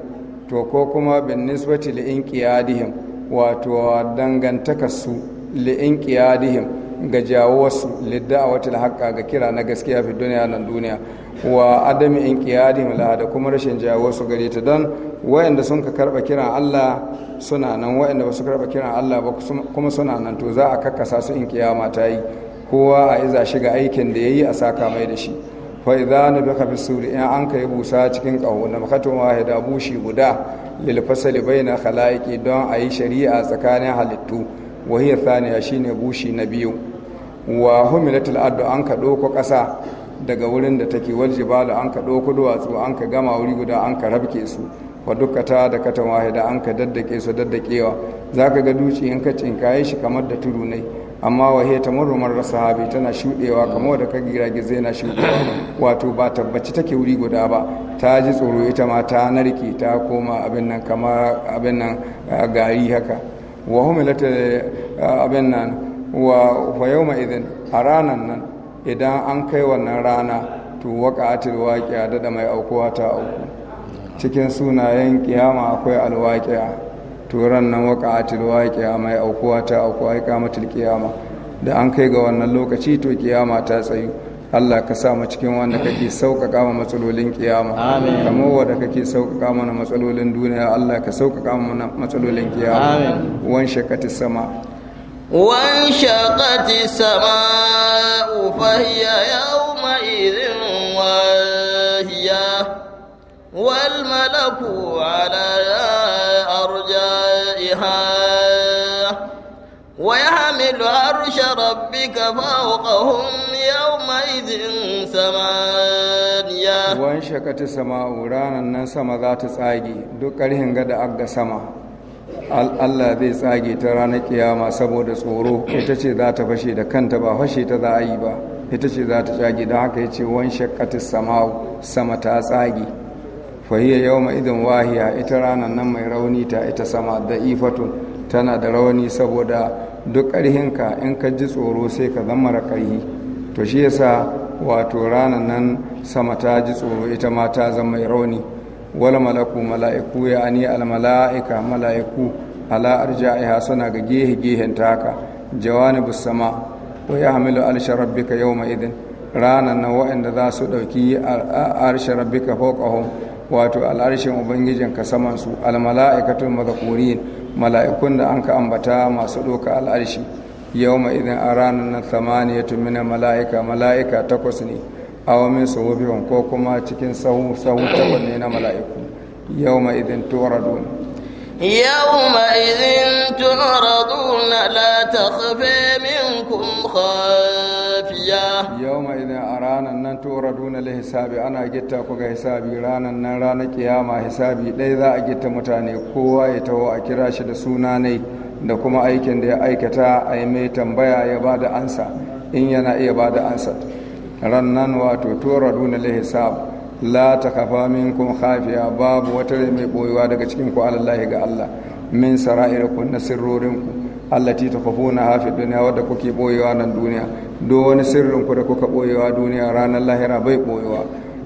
to ko kuma bin nisbati li in qiyadihim wato dangantaka su li in qiyadihim ga jawo su lidda a wata ga kira na gaskiya fi duniya nan duniya wa adami in kiyadi da kuma rashin jawo su gare ta don wayanda sun ka karba kiran Allah suna nan wayanda ba su karba kiran Allah ba kuma suna nan to za a kakkasa su in kiyama ta yi kowa a iza shiga aikin da yayi a saka mai da shi fa idza nabaka fi suri in an kai busa cikin qawo na makatun wahida bushi guda lil fasali baina khalaiqi don ayi shari'a tsakanin halittu wa hiya thaniya shine bushi na biyu wa humilatul ardu an ka doko kasa daga wurin da take ba da an ka ɗauko duwatsu an ka gama wuri guda an ka rabke su wa ta da katan wahida an ka daddake su daddakewa za ka ga duci in ka cinkaye shi kamar da tudu ne amma wahe ta rasa sahabi tana shuɗewa kamar da ka girgize na shuɗewa wato ba tabbaci take wuri guda ba ta ji tsoro ita ma ta narke ta koma abin nan kamar abin nan gari haka wa humilata abin nan wa yawma idan, a ranan nan idan an kai wannan rana to waƙa'atul waƙiya dada mai aukuwa ta auku cikin sunayen kiyama akwai alwaƙiya turan nan waƙa'atul waƙiya mai aukuwa ta auku ai kamatul kiyama da an kai ga wannan lokaci to kiyama ta tsayu Allah ka sa mu cikin wanda kake sauƙaƙa ma matsalolin kiyama kamar wanda kake sauƙaƙa mana matsalolin duniya Allah ka sauƙaƙa mana matsalolin kiyama wan shakatis sama وانشقت السماء فهي يومئذ واهية والملك على أرجائها ويحمل عرش ربك فوقهم يومئذ samaniya. Wan shakati sama ranar nan sama za ta tsage duk ƙarhin gada agga sama Allah zai tsage ta ranar kiyama saboda tsoro ita ce za ta fashe da kanta ba fashe ta za a yi ba ita ce za ta tsage don haka ya ce wan shakkatis sama'u sama ta tsage fahiyya yau ma idin wahiya ita ranar nan mai rauni ta ita sama da ifatun tana da rauni saboda duk ƙarhinka in ka ji tsoro sai ka zama mara ƙarhi to shi yasa wato ranar nan sama ta ji tsoro ita ma ta zama mai rauni wala malaku mala'iku ya ani al mala'ika mala'iku ala arja'iha sana ga gehe gehen ta haka jawanibus sama wa yahmilu arsha rabbika yawma idin Ranar na wa'anda za su dauki arsha rabbika fawqahum wato al'arshin ubangijin ka saman su al mala'ikun da an ka ambata masu doka al'arshi yawma idin a ranar na thamaniyatu min mala'ika mala'ika takwas ne awamin sahufihim ko kuma cikin sahu sahu ne na mala'iku yawma idin na idin turadun min takhfa kafiya? Yau ma idin a ranar nan turadun li hisabi ana gitta ku ga hisabi ranar nan ranar kiyama hisabi ɗaya za a gita mutane kowa ya taho a kira shi da suna ne da kuma aikin da ya aikata a yi mai tambaya ya ba da ansa in yana iya ba da ansa rannan wato turaduna lihisab la takafa minkum khafiya babu wata rai mai boyuwa daga cikin ku alallahi ga Allah min sara'irikum na sirrorinku allati tukhafuna ha hafi duniya wadda kuke boyewa nan duniya do wani sirrin ku da kuka boyewa duniya ranar lahira bai boyewa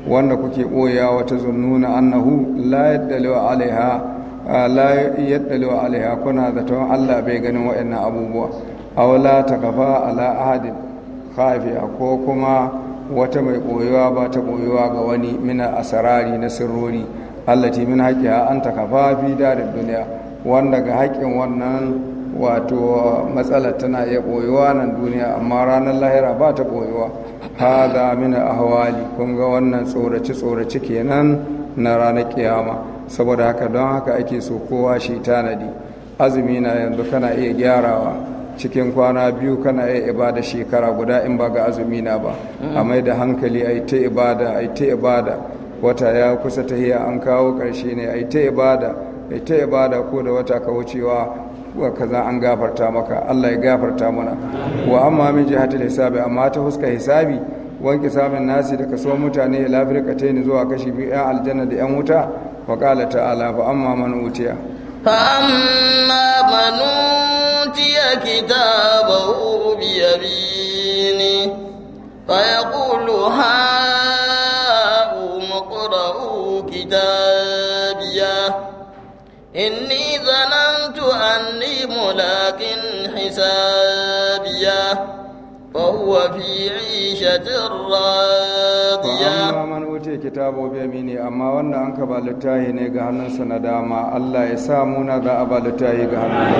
wanda kuke boyewa wata zunnuna annahu la yaddalu alaiha la yaddalu alaiha kuna zaton Allah bai ganin waɗannan abubuwa aw la takafa ala ahadin khafiya ko kuma wata mai koyuwa ba ta koyuwa ga wani mina asarari na sirrori allati min a an takafa fi darin duniya wanda ga haƙƙin wannan wato matsala tana iya koyuwa nan duniya amma ranar lahira ba ta koyuwa hada min ahwali kun ga wannan tsorace tsorace kenan na ranar kiyama saboda haka don haka ake so kowa shi tanadi azumi na yanzu kana iya gyarawa cikin kwana biyu kana yi ibada shekara guda in ba ga azumi na ba a mai da hankali a ta ibada a ta ibada wata ya kusa ta hiya an kawo ƙarshe ne a ta ibada a ta ibada ko da wata ka wucewa wa kaza an gafarta maka Allah ya gafarta mana wa amma min ta hisabi amma ta huska hisabi wanki samun nasi da kaso mutane ila afirka ni zuwa kashi biyu yan aljanna da yan wuta wa ta'ala fa amma man utiya fa amma man أوتي كتابه بيمينه فيقول هاؤم اقرءوا كتابيه إني ظننت أني ملاك حسابيه فهو في عيشة راضية وأما من أوتي كتابه بيمينه أما وأن أنك بالتاهي نيغهنن سنداما الله يسامونا ذا أبا لتاهي غهنن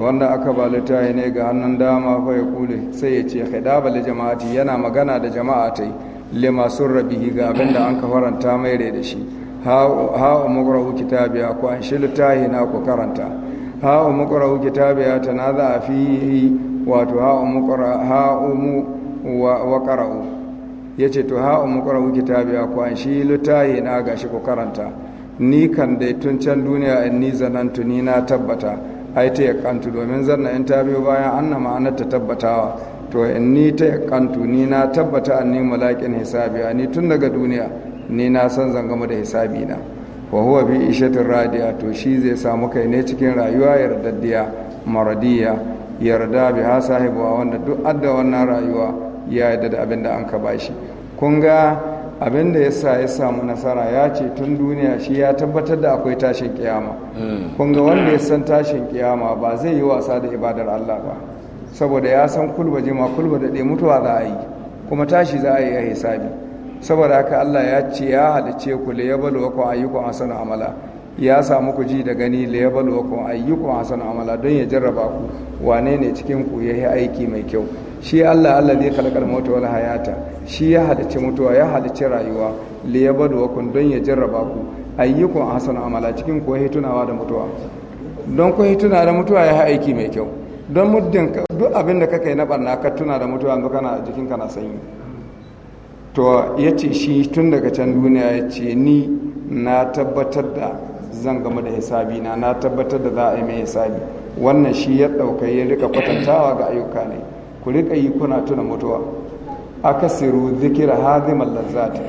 wanda aka ba littafi ne ga hannun dama fa ya kule sai ya ce khidaba li jama'ati yana magana da jama'a tai lima surrabihi ga abinda an ka faranta mai rai da shi ha ha umuru kitabiya ku an shi littafi na ku karanta ha'u muqra'u kitabiya tanaza fihi wato ha'u muqra ha'u mu wa qara'u yace to ha'u muqra'u kitabiya ku an shi lutahi na gashi ku karanta ni kan dai tun can duniya in ni zanantu ni na tabbata ai ta yakantu domin zanna in ta biyo bayan anna ma'anar ta tabbatawa to in ni ta yakantu ni na tabbata an ni malakin hisabi ni tun daga duniya ni na san zan gama da hisabi na wa huwa bi ishatin radiya to shi zai samu kai ne cikin rayuwa yardaddiya maradiya yarda bi ha sahibu wanda duk adda wannan rayuwa ya yarda da abin da an ka bashi kun ga abin da yasa ya samu nasara ya ce tun duniya shi ya tabbatar da akwai tashin kiyama hmm. kun ga wanda ya san tashin kiyama ba zai yi wasa da ibadar Allah ba saboda ya san kulba jima kulba da mutuwa za a yi kuma tashi za a yi a hisabi saboda haka Allah ya ce ya halice ku li yabluwakum ayyukum ahsanu amala ya samu ku ji da gani li yabluwakum ayyukum ahsanu amala don ya jarraba ku wane ne cikin ku yi aiki mai kyau shi Allah Allah zai kalkar mota wal hayata shi ya halice mutuwa ya halice rayuwa li yabluwakum don ya jarraba ku ayyukum ahsanu amala cikin ku yayi tunawa da mutuwa don ku yayi tunawa da mutuwa ya yi aiki mai kyau don muddin duk abin da kake na barna ka tuna da mutuwa yanzu kana jikinka na sanyi to ya ce shi tun daga can duniya ya ce ni na tabbatar da zan gama da hisabi na na tabbatar da za a yi mai hisabi wannan shi ya ɗauka ya rika kwatantawa ga ayyuka ne ku rika yi kuna tuna mutuwa aka siru zikira hazimal lazzati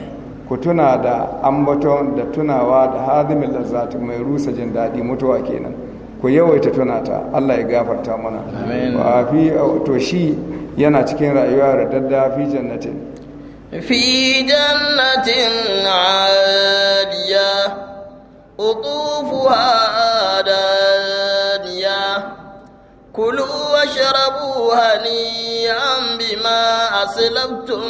ku tuna da ambaton da tunawa da hazimin lazzati mai rusa jin daɗi mutuwa kenan ku yawaita tuna ta Allah ya gafarta mana to shi yana cikin rayuwa da daddafi jannatin في جنة عالية أطوفها دائما كلوا واشربوا هنيئا a أسلفتم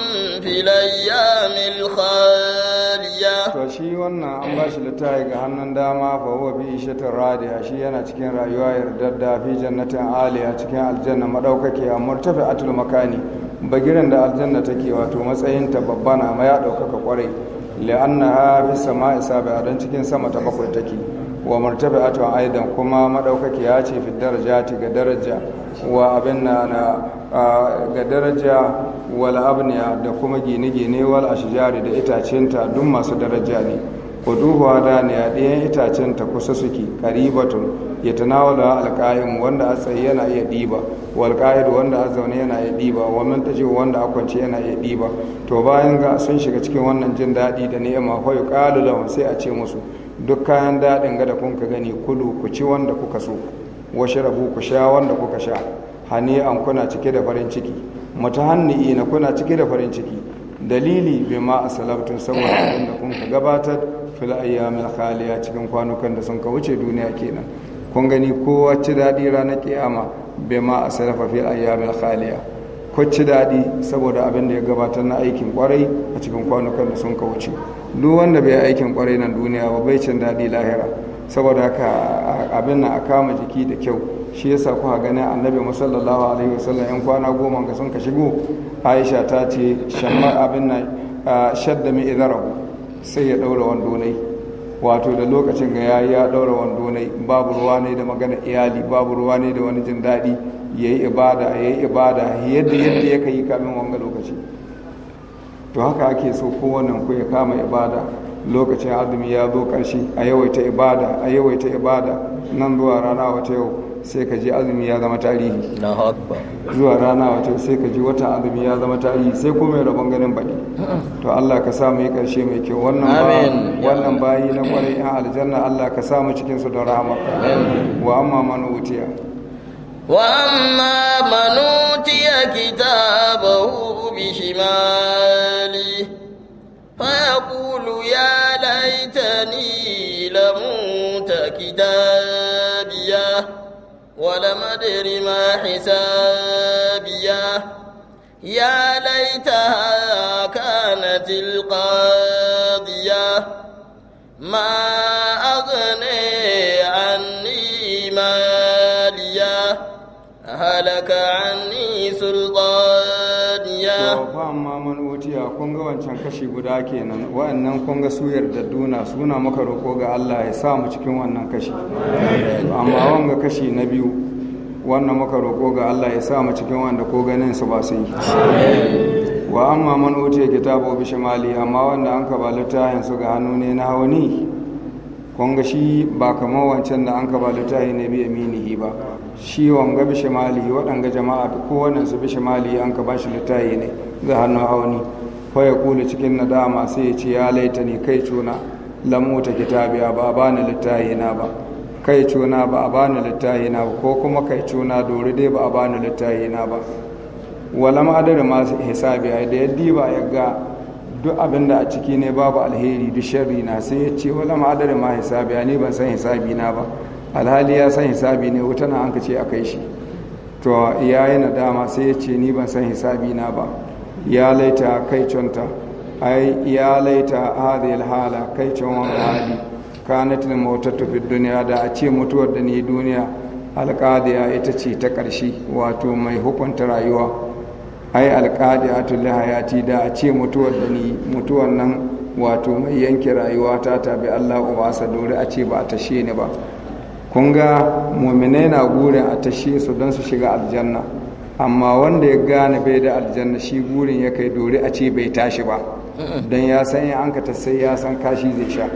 في الأيام الخالية to shi wannan an ba shi littafi ga hannun dama fa huwa bi ishatin shi yana cikin rayuwa yardadda fi jannatin aliya cikin aljanna madaukake a murtafi atul makani bagiran da aljanna take wato matsayin ta babba na ma ya daukaka kwarai li'annaha fi sama'i a don cikin sama ta bakwai take wa murtabi'atun aidan kuma madaukaki ya ce fi darajati ga daraja wa abin na ga daraja wal abniya da kuma gine-gine wal ashjari da itacenta duk masu daraja ne kuduhuwa da ne a ɗayan itacenta kusa suke karibatun ya tanawala alƙa'in wanda a tsaye yana iya ɗiba walƙa'id wanda a zaune yana iya ɗiba wa mintaji wanda a kwance yana iya ɗiba to bayan ga sun shiga cikin wannan jin daɗi da ni'ima fa yuqalu sai a ce musu duk kayan daɗin ga da kunka gani kulu ku ci wanda kuka so washe rabu ku sha wanda kuka sha hani an kuna cike da farin ciki mutahanni'i na kuna cike da farin ciki dalili bai ma a salabtun saboda abin da kunka gabatar fil ayyamin khaliya cikin kwanukan da sun ka wuce duniya kenan kun gani kowa ci daɗi ranar kiyama bai ma a salafa fil ayyamin khaliya ci daɗi saboda abin da ya gabatar na aikin kwarai a cikin kwanukan da sun ka wuce duk wanda bai aikin kwarai nan duniya ba bai cin daɗi lahira saboda haka abin na a kama jiki da kyau shi yasa kuka gani annabi musallallahu alaihi wasallam yan kwana goma ga sun ka shigo aisha ta ce shamma abin na shadda mi idarahu sai ya daura wando ne wato da lokacin ga yayi ya daura wando ne babu ruwa ne da magana iyali babu ruwa ne da wani jin daɗi yayi ibada yayi ibada yadda yadda yake yi kamin wanga lokaci to haka ake so kowane ku ya kama ibada lokacin azumi ya zo ƙarshe a yawaita ibada a yawaita ibada nan zuwa rana wata yau sai ka ji azumi ya zama tarihi zuwa rana wata sai ka ji watan azumi ya zama tarihi sai ko mai rabon ganin baɗi to Allah ka sa yi ƙarshe mai kyau wannan wannan bayi na kwarai yan aljanna Allah ka sa mu da rahama wa amma manu wutiya. وأما من أوتي كتابه بشماله فيقول يا ليتني لموت كتابيه ولم أدر ما حسابيه يا ليتها كانت القاضية ما لك عني سلطانيا guda kenan wa'annan kun ga su yarda duna suna maka roko ga Allah ya sa mu cikin wannan kashi amma wanga kashi na biyu wannan maka roƙo ga Allah ya sa mu cikin wanda ko ganin su ba su yi wa amma man uce kitabo bi shimali amma wanda an ka ba yanzu ga hannu ne na hauni kun ga shi ba kamar wancan da an ka ba yi ne bi aminihi ba shi wanga bishe mali waɗanga jama'a da kowane su bishe mali an ka bashi littayi ne ga hannun auni waya kula cikin nadama sai ce ya laita ne kai cuna lamuta kitabiya ba a bani littayi na ba kai cuna ba a bani littayi na ba ko kuma kai cuna dori dai ba a bani littayi na ba walam adar masu hisabi a da yaddi ba ya ga duk abin a ciki ne babu alheri duk sharri na sai ya ce walam adar ma hisabi ne ban san hisabi na ba alhali ya san hisabi ne wuta na an ka ce a kai shi to ya yi nadama sai ya ce ni ban san hisabi na ba ya laita kai conta ai ya laita hadhihi hala kai con wanga hali kanat al mautatu fid duniya da a ce mutuwar da ni duniya alqadiya ita ce ta karshe wato mai hukunta rayuwa ai alqadiyatul hayati da a ce mutuwar da ni mutuwar nan wato mai yanke rayuwa ta tabi allahu uba dore a ce ba ta tashe ni ba kun ga muminai na gurin a tashe su don su shiga aljanna amma wanda ya gane bai da aljanna shi gurin ya kai dori a ce bai tashi ba don ya san ya an ka sai ya san kashi zai sha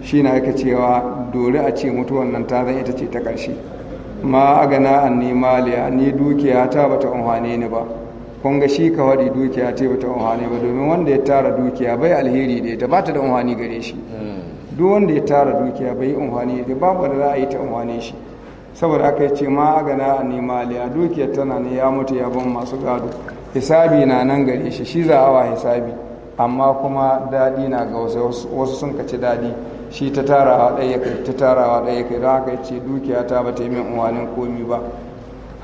shi na yaka cewa dori a ce mutuwan nan ta zan ita ce ta karshe ma a gana an maliya ni dukiya ta bata umhane ni ba kun ga shi ka wadi dukiya ta bata umhane ba domin wanda ya tara dukiya bai alheri da ta bata da umfani gare shi hmm. duk wanda ya tara dukiya bai yi umfani da babu da za a yi ta umfani shi saboda aka ce ma gana a nema liya dukiyar tana ne ya mutu ya ban masu gado hisabi na nan gare shi shi za awa hisabi amma kuma daɗi na ga wasu sun kaci daɗi shi ta wa ɗaya kai ta wa ɗaya kai don yi ce dukiya ta ba ta yi min umarni komi ba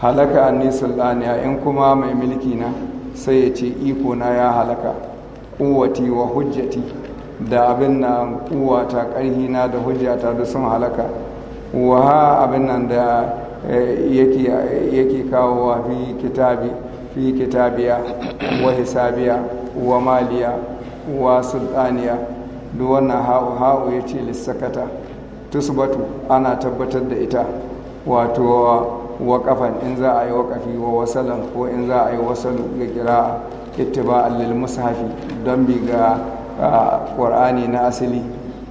halaka an nisan laniya in kuma mai mulki na sai ya ce iko na ya halaka ƙuwati wa hujjati da abin na kuwata ƙarhi na da hujjata da sun halaka wa abin nan da eh, yake kawo fi kitabi fi kitabiya wa hisabiya wa maliya wa sultaniya duk wannan ha'u ya ce lissakata tusbatu ana tabbatar da ita wato waƙafan in za a yi kafi wa wasalan ko in za a yi wasalu ga kira ittiba'an lil mushafi don bi ƙwar'ani na asili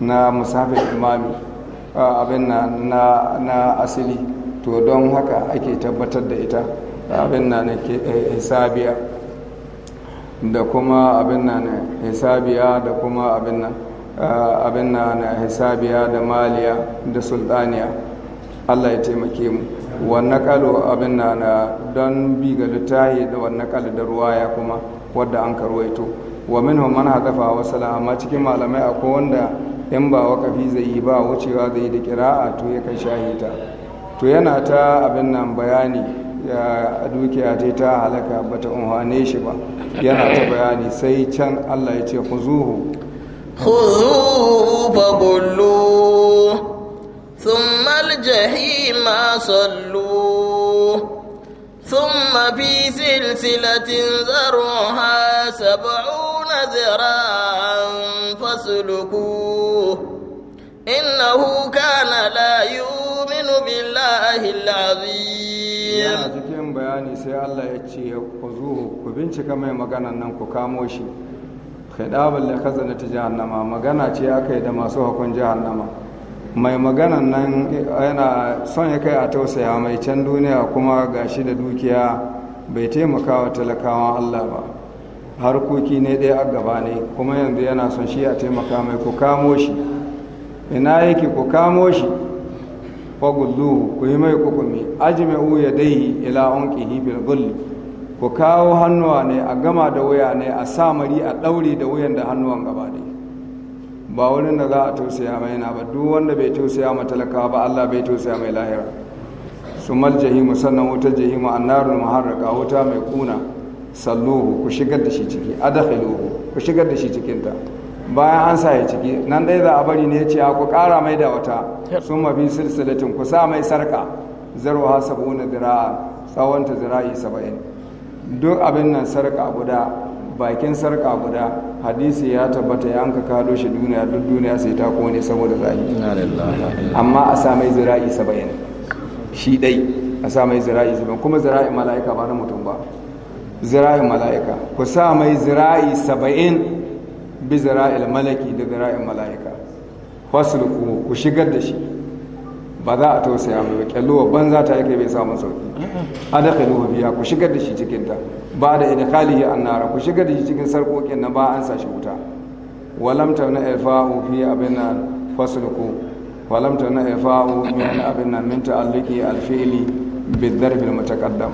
na musafir imami abin na na asili to don haka ake tabbatar da ita abin na na eh, hisabiya da kuma abin na na hisabiya da kuma abin na abin na na hisabiya da maliya da sultaniya allah ya taimake mu wannan kalo abin na na don bi ga littahi da wannan kalo da ruwaya kuma wadda an karwaito wa minhum man hadafa wa sala amma cikin malamai akwai wanda in ba wakafi zai yi ba wucewa zai yi da kira'a to ya kai shahita to yana ta abin nan bayani ya dukiya ta ta halaka bata unhane shi ba yana ta bayani sai can Allah ya ce khuzuhu khuzuhu ثم sallu في سلسلة ذرعها سبعون نذرا فاسلكوه إنه كان لا يؤمن بالله العظيم cikin bayani sai Allah ya ce ku zo ku bincika mai maganan nan ku kamo shi khidabul la khazana ta jahannama magana ce aka da masu hakun jahannama mai maganan nan yana son ya kai a tausaya mai can duniya kuma gashi da dukiya bai taimaka wa talakawan Allah ba harkoki ne ɗaya a gaba ne kuma yanzu yana son shi a taimaka mai ku kamo shi ina yake ku kamo shi fagulluhu ku yi mai kukumi ajmi'u ya dai ila unqihi bil gulli ku kawo hannuwa ne a gama da wuya ne a samari a ɗauri da wuyan da hannuwan gaba ne ba wurin da za a tausaya mai na ba duk wanda bai tausaya ma talaka ba Allah bai tausaya mai lahira sumal jahimu sannan wutar jahimu annarul muharraka wuta mai kuna salluhu ku shigar da shi ciki adakhiluhu ku shigar da shi cikin ta bayan an sa ya ciki nan dai za a bari ne ya ce ku kara mai da wata sun mafi silsilatin ku sa mai sarka zarwa sabuna zira'a tsawon ta zira'i saba'in duk abin nan sarka guda bakin sarka guda hadisi ya tabbata ya hanka kado shi duniya duk duniya sai ta kone saboda zahiri amma a sa mai zira'i saba'in shi dai a sa mai zira'i saba'in kuma zira'i mala'ika ba na mutum ba zira'in mala'ika ku sa mai zira'i saba'in bi zira'il malaki da zira'in mala'ika fasulku ku shigar da shi ba za a tausaya mai kyalluwa banza ta yake bai samun sauki adakalu biya ku shigar da shi cikin ta ba da ina an annara ku shigar da shi cikin sarkokin na ba an sa shi wuta walam tawna ifa'u fi abinna fasulku walam tawna ifa'u min abinna min ta'alliqi alfi'li bid darb al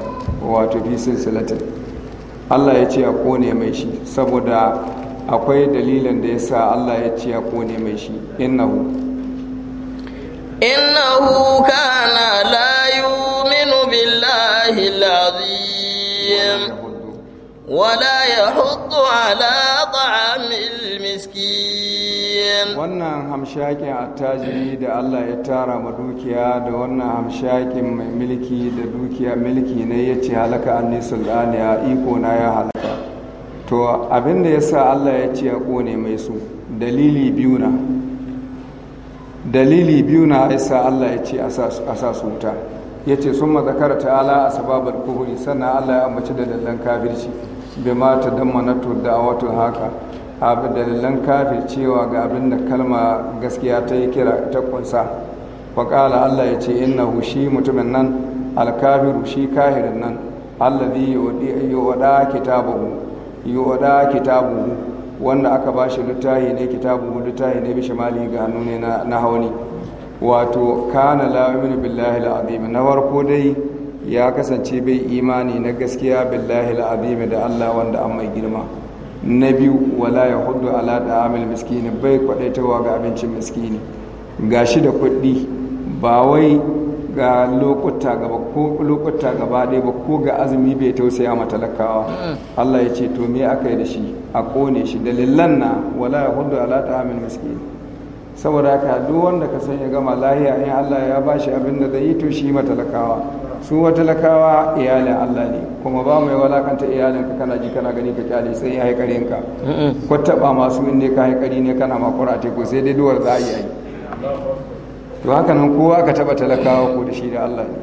wato fi silsilatin allah ya ce a kone mai shi saboda akwai dalilin da ya sa allah ya ce a kone mai shi innahu innahu kana la yu'minu billahi lazim ya yahuddu ala ta'amil miskin wannan hamshakin attajiri da Allah ya tara ma dukiya da wannan hamshakin mai milki da dukiya milki ne ya ce halaka anni iko na ya halaka to abin da ya sa Allah ya ce ya kone mai su dalili biyu na dalili biyu na sa Allah ya ce a sa su wuta ya ce sun mazakara ta'ala a sababar kuhuri sannan Allah ya ambaci da dandan kafirci bai ma ta damma na da a watan haka abin dalilan kafin cewa ga abin da kalma gaskiya ta yi kira ta kunsa faƙala allah ya ce innahu shi mutumin nan alkafiru shi kahirin nan allah allazi yuwada kitabuhu waɗa kitabuhu wanda aka ba shi littahi ne kitabuhu littahi ne mali ga nune na hauni wato kana la billahi al na farko dai ya kasance bai imani na gaskiya billahi al da allah wanda an mai girma na biyu wala ya hudu ala da amil miskini bai kwadaitawa ga abincin miskini ga shi da kuɗi ba wai ga lokuta gaba ko lokuta gaba ɗaya ba ko ga azumi bai tausaya ma talakawa Allah ya ce to me aka yi da shi a kone shi dalilan na wala ya hudu ala da amil miskini saboda ka duk wanda ka san ya gama lahiya in Allah ya bashi abin da zai yi to shi ma talakawa su wa talakawa iyalin Allah ne kuma ba mai walakanta iyalin ka kana ji kana gani ka kyale sai ya haikarin ka ko taba masu min ne ka haikari ne kana makura teku sai dai duwar za a yi to haka nan kowa ka taba talakawa ko da shi da Allah ne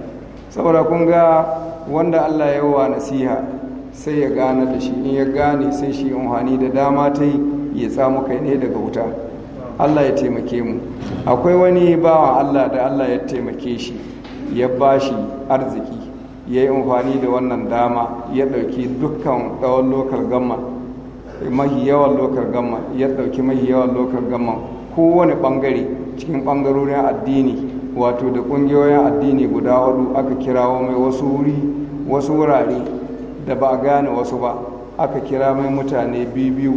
saboda kun ga wanda Allah ya wa nasiha sai ya gane da shi in ya gane sai shi hani da dama ta yi ya samu kai ne daga wuta Allah ya taimake mu akwai wani bawa Allah da Allah ya taimake shi ya ba shi arziki ya yi amfani da wannan dama ya ɗauki dukkan ɗawan lokar gamma mahi yawan lokar gamma ya ɗauki mahi yawan lokar gamma kowane ɓangare cikin ɓangarorin addini wato da ƙungiyoyin addini guda hudu aka kirawo mai wasu wuri wasu wurare da ba a gane wasu ba aka kira mai mutane biyu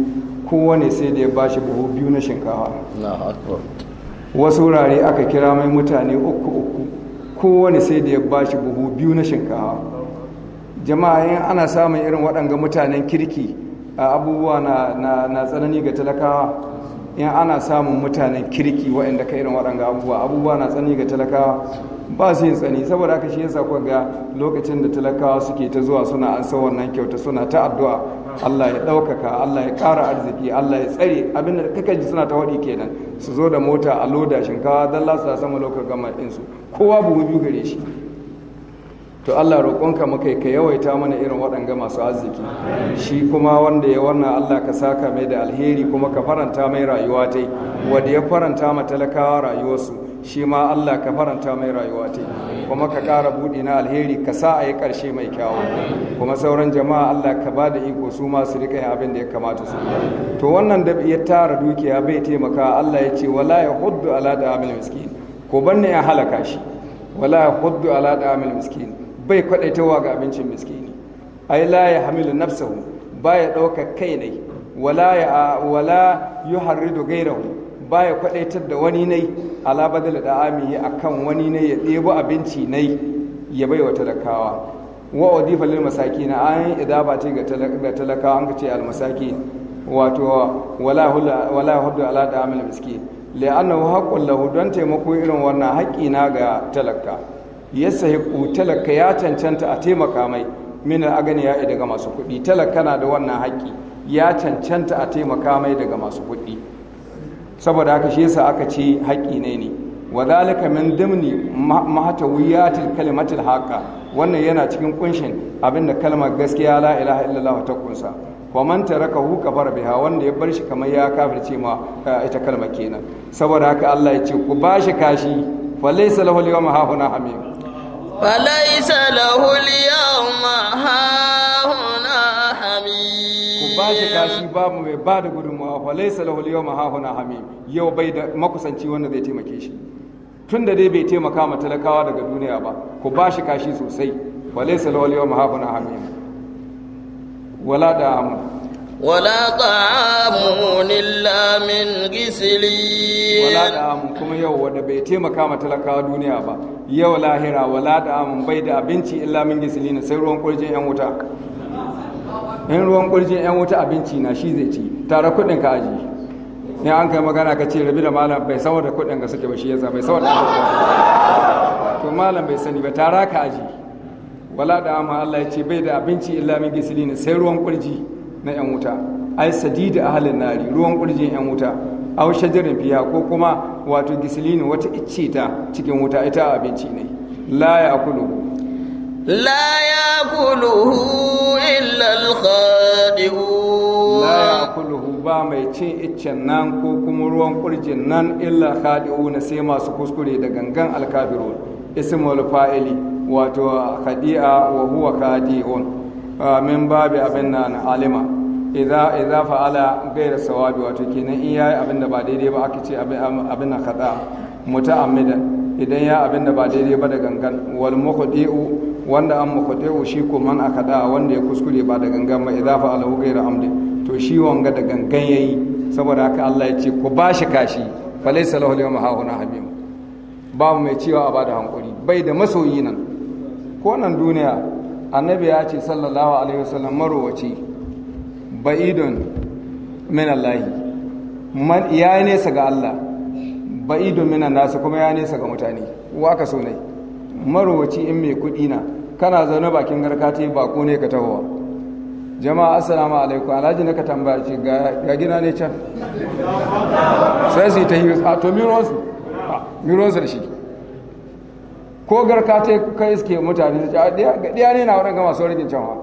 kowane sai da ya ba shi buhu biyu na shinkawa wasu wurare aka kira mai mutane uku uku kowane sai da ya bashi buhu biyu na shinkawa jama'a yin ana samun irin waɗanga mutanen kirki a abubuwa na tsanani ga talakawa in ana samun mutanen kirki waɗanda ka irin waɗanga abubuwa abubuwa na tsanani ga talakawa ba su yin tsani saboda aka shi yasa kuka ga lokacin da talakawa suke ta zuwa suna an san wannan kyauta suna ta addu'a Allah ya ɗaukaka Allah ya ƙara arziki Allah ya tsare abinda kaka ji suna ta waɗi kenan su zo da mota a loda shinkawa don lasa sama lokacin gama ɗinsu kowa buhu biyu gare shi to Allah roƙonka muka ka yawaita mana irin waɗanga masu arziki shi kuma wanda ya wannan Allah ka saka mai da alheri kuma ka faranta mai rayuwa ta yi. wadda ya faranta ma talakawa rayuwarsu shi ma Allah ka faranta mai rayuwa ta kuma ka ƙara buɗe na alheri ka sa a yi ƙarshe mai kyawu kuma sauran jama'a Allah ka ba da iko su ma su riƙa yin abin da ya kamata su to wannan da ya tara dukiya bai taimaka Allah ya ce wala ya huddu ala da amil miskin ko banne ya halaka shi wala ya huddu ala da amil miskin bai kwadaitawa ga abincin miskini ai la ya hamilu nafsahu baya ɗaukar kai ne wala ya wala yuharridu gairahu baya kwadaitar da wani nai ala da da a kan wani nai ya ɗebo abinci nai ya bai wa talakawa wa wadifa lil na ayin ba ta ga talakawa an ce almasaki wato wala hudu ala da amil miskin li'annahu haƙƙun lahu don taimako irin wannan haƙƙi na ga talaka ku talaka ya cancanta a taimaka mai min ya daga masu kuɗi talaka na da wannan haƙƙi ya cancanta a taimaka mai daga masu kuɗi saboda haka shi yasa aka ce haƙi ne ne wa zalika min dimni wiyatil kalimatil haqa wannan yana cikin kunshin abinda kalmar gaskiya la ilaha illallah ta kunsa wa man hu kafara biha wanda ya bar shi kamar ya kafirce ma eh, ita kalmar kenan saboda haka Allah ya ce ku bashi kashi fa laysa lahu al-yawma hahuna hamim fa laysa lahu al-yawma bashi eh. kashi babu mai ba da gudunmawa fa laysa lahu al-yawma hahuna hamim yau bai da makusanci wanda zai taimake shi tunda dai bai taimaka ma talakawa daga duniya ba ku bashi kashi sosai fa laysa lahu al-yawma hahuna hamim wala da amu wala ta'amun illa min gisilin wala da amu kuma yau wanda bai taimaka ma talakawa duniya ba yau lahira wala da amu bai da abinci illa min gisilin sai ruwan kurjin yan wuta in ruwan kurjin yan wuta abinci na shi zai ci tare kuɗin ka aji in an kai magana ka ce rabi da malam bai da kudin ga suke ba shi yasa bai saboda to malam bai sani ba tara ka aji wala da amma Allah ya ce bai da abinci illa min gisilin sai ruwan kurji na yan wuta ai sadida ahlin nari ruwan kurjin yan wuta aw shajarin fiya ko kuma wato gisilin wata icce ta cikin wuta ita abinci ne la ya Kulu. لا يأكله إلا الخادعون لا يأكله ba mai cin iccen nan ko kuma ruwan kurjin nan illa khadi'una sai masu kuskure da gangan alkabirun ismul fa'ili wato khadi'a wa huwa khadi'un min babi abin na alima idza idza fa'ala ghayra sawabi wato kenan in yayi abin da ba daidai ba aka ce abin nan khada muta'ammidan idan ya abin da ba daidai ba da gangan wal muqdi'u wanda an makwate shi ko man aka da wanda ya kuskure ba da gangan ba idza fa alahu ghayra amdi to shi wanga da gangan yayi saboda haka Allah ya ce ku bashi kashi falaysa lahu yawma hauna ba babu mai cewa a bada hankuri bai da masoyi nan ko nan duniya annabi ya ce sallallahu alaihi wasallam marowaci ba'idun min Allah man ya nesa ga Allah ba'idun min nasu kuma ya nesa ga mutane wa ka so ne marowaci in mai kudi na kana zaune bakin garka ta yi bako ne ka tahowa jama'a assalamu alaikum alhaji na ka tambaya ce ga gina ne can sai su yi ta hiyo to mironsu mironsu da shi ko garka ta kai iske mutane su ce a ɗaya ne na wurin gama sauran can wa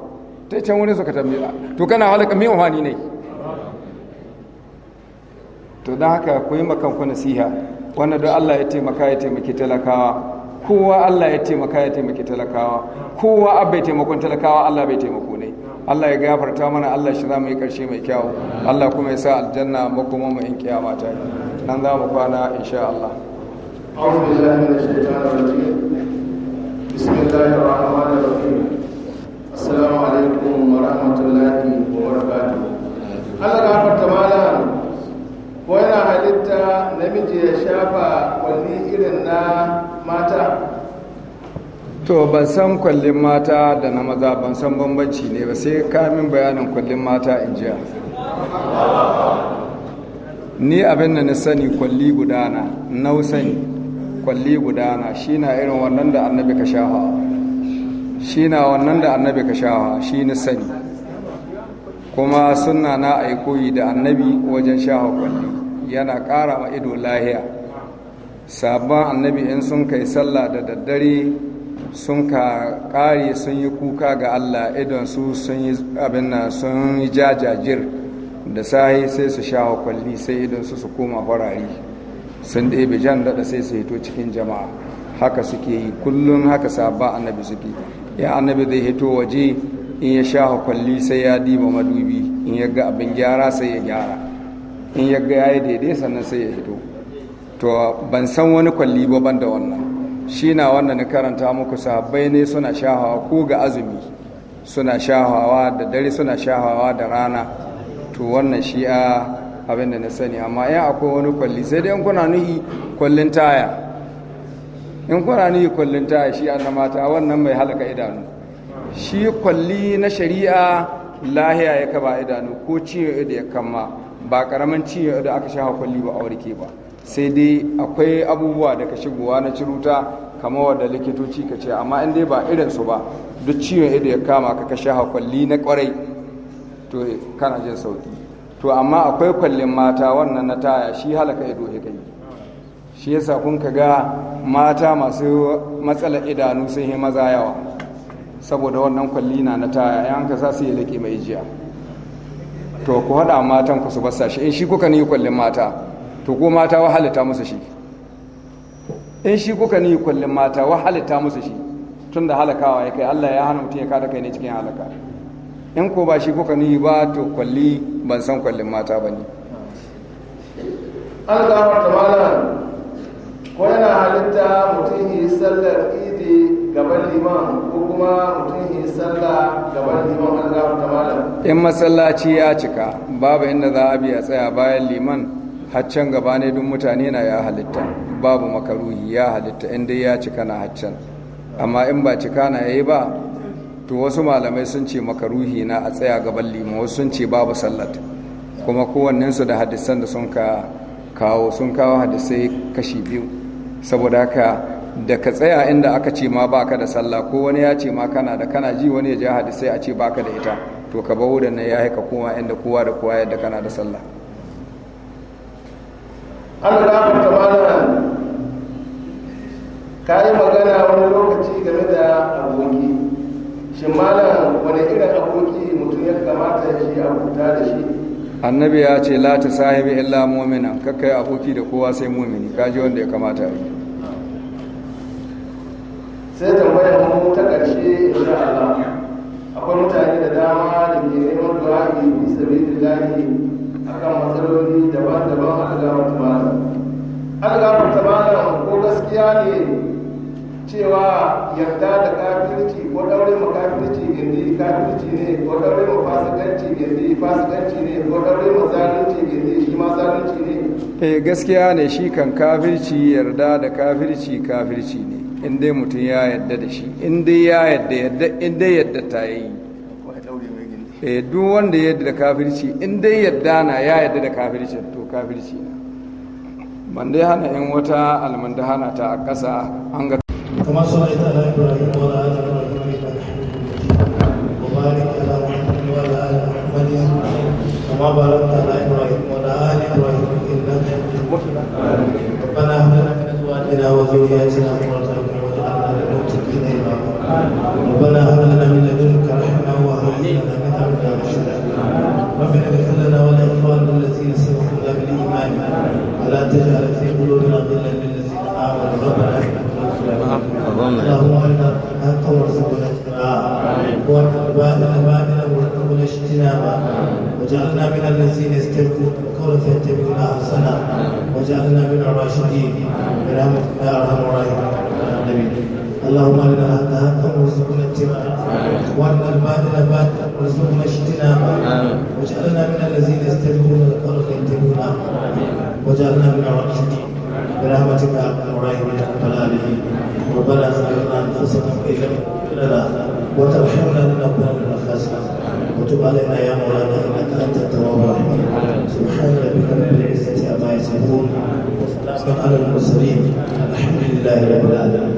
ta can wurin su ka tambaya to kana halaka mai wani ne to don haka ku yi makanku nasiha wannan don allah ya taimaka ya taimaki talakawa kowa Allah ya taimaka ya taimaki talakawa kowa abai taimakon talakawa Allah bai taimako ne Allah ya gafarta mana Allah shi za mu yi karshe mai kyau Allah kuma ya sa aljanna makoma mu in kiyama ta nan za mu kwana insha Allah أعوذ ya من الشيطان الرجيم بسم الله الرحمن الرحيم السلام عليكم ورحمة الله وبركاته Allah gafarta mala ko yana halitta namiji ya shafa wani irin na mata to ban san kwallin mata da na maza ban san bambanci ne ba sai kamin bayanin kwallin mata in jiya ni abin da na sani kwalli gudana na sani kwalli gudana shi na irin wannan da annabi ka shaha shi na wannan da annabi ka shaha shi na sani kuma suna na aikoyi da annabi wajen shaha kwalli yana ƙara ma ido lahiya sabon annabi in sun kai sallah da daddare sun ka ƙare sun yi kuka ga allah idan su sun yi abin sun yi jajajir da sahi sai su sha kwalli sai idan su su koma farari sun ɗebe jan daɗa sai su hito cikin jama'a haka suke yi kullum haka sabon annabi suke ya annabi zai hito waje in ya sha kwalli sai ya diba madubi in ya ga abin gyara sai ya gyara in ya ga ya yi daidai sannan sai ya hito to ban san wani kwalli ba ban da wannan shi na wannan na karanta muku sahabbai ne suna shahawa ko ga azumi suna shahawa da dare suna shahawa da rana to wannan shi a abin da na sani amma ya akwai wani kwalli sai dai in kuna nuhi kwallin taya in kuna nuhi kwallin taya shi an na mata wannan mai halaka idanu shi kwalli na shari'a lahiya ya kaba idanu ko ciwo ido ya kama ba karamin ciwo ido aka sha kwalli ba a warke ba sai dai akwai abubuwa da ka shigowa na ciruta kama wadda likitoci ka ce amma in dai ba irinsu ba duk ciwon ido ya kama ka kashe hakwalli na kwarai to kana jin sauki to amma akwai kwallin mata wannan na taya shi halaka ido ya kai shi yasa kun ka ga mata masu matsala idanu sun yi maza yawa saboda wannan kwalli na na taya yan ka sa su yi laƙe mai jiya to ku haɗa matan ku su basa shi in shi kuka ni kwallin mata to ko mata wahalata musu shi in shi kuka ni kullum mata wahalata musu shi tun da halakawa ya kai Allah ya hana mutum ya kada kai ne cikin halaka in ko ba shi kuka ni ba to kwalli ban san kwallin mata ba ne an ta Malam, ko yana halitta mutum yi sallar idi gaban liman ko kuma mutum yi sallar gaban liman an ta Malam. in masallaci ya cika babu inda za a biya tsaya bayan liman haccan gaba ne duk mutane na ya halitta babu makaruhi ya halitta inda ya cika na haccan amma in ba cika na yayi ba to wasu malamai sun ce makaruhi na a tsaya gaban lima wasu sun ce babu sallat kuma kowannensu da hadisan da sun ka kawo sun kawo hadisai kashi biyu saboda haka da ka tsaya inda aka ce ma baka da sallah ko wani ya ce ma kana da kana ji wani ya ji hadisai a ce baka da ita to ka bawo da nan ya haika kowa inda kowa da kowa yadda kana da sallah an gafarta mana ka yi magana wani lokaci game da aboki shi mana wani irin aboki mutum ya kamata shi abuta da shi annabi ya ce la ta sahibi illa mu'mina kakka yi aboki da kowa sai mu'mini ka ji wanda ya kamata yi sai tambayar mu ta ƙarshe insha Allah akwai mutane da dama da ke neman du'a bi sabilillahi akan matsaloli daban-daban algawar tabana algawar tabana ko gaskiya ne cewa yarda da kafirci ko daure ma kafirci gindi kafirci ne ko daure ma fasikanci gindi fasikanci ne ko daure ma zalunci gindi shi ma zalunci ne eh gaskiya ne shi kan kafirci yarda da kafirci kafirci ne in dai mutum ya yarda da shi in dai ya yarda yarda in dai yarda ta yi eh duk wanda ya yadda da kafirci in dai yadda na ya yadda da kafirci to kafirci na ban dai hana yan wata almanda hana ta a ƙasa an ga kamar sun aita da ibrahim wa ala ala ibrahim ibrahim da ibrahim ربنا هب لنا من لدنك ولا تجعل في قلوبنا غلا للذين امنوا ربنا اللهم ارنا الحق وارزقنا اتباعه وارنا الباطل وارزقنا اجتنابه وجعلنا من الذين يستمعون القول فيتبعون احسنه وجعلنا من الراشدين برحمتك يا ارحم الراحمين اللهم ارنا هداك وارزقنا اتباعه وارنا الباطل باطلا وارزقنا اجتنابه واجعلنا من الذين يستمعون القول فيتبعون واجعلنا من الراشدين برحمتك يا ارحم الراحمين يا رب العالمين ربنا انفسنا وان لم لنا وترحمنا لنكون من الخاسرين وتب علينا يا مولانا انك انت التواب الرحيم سبحان ربك رب العزه عما يصفون وسلام على المرسلين الحمد لله رب العالمين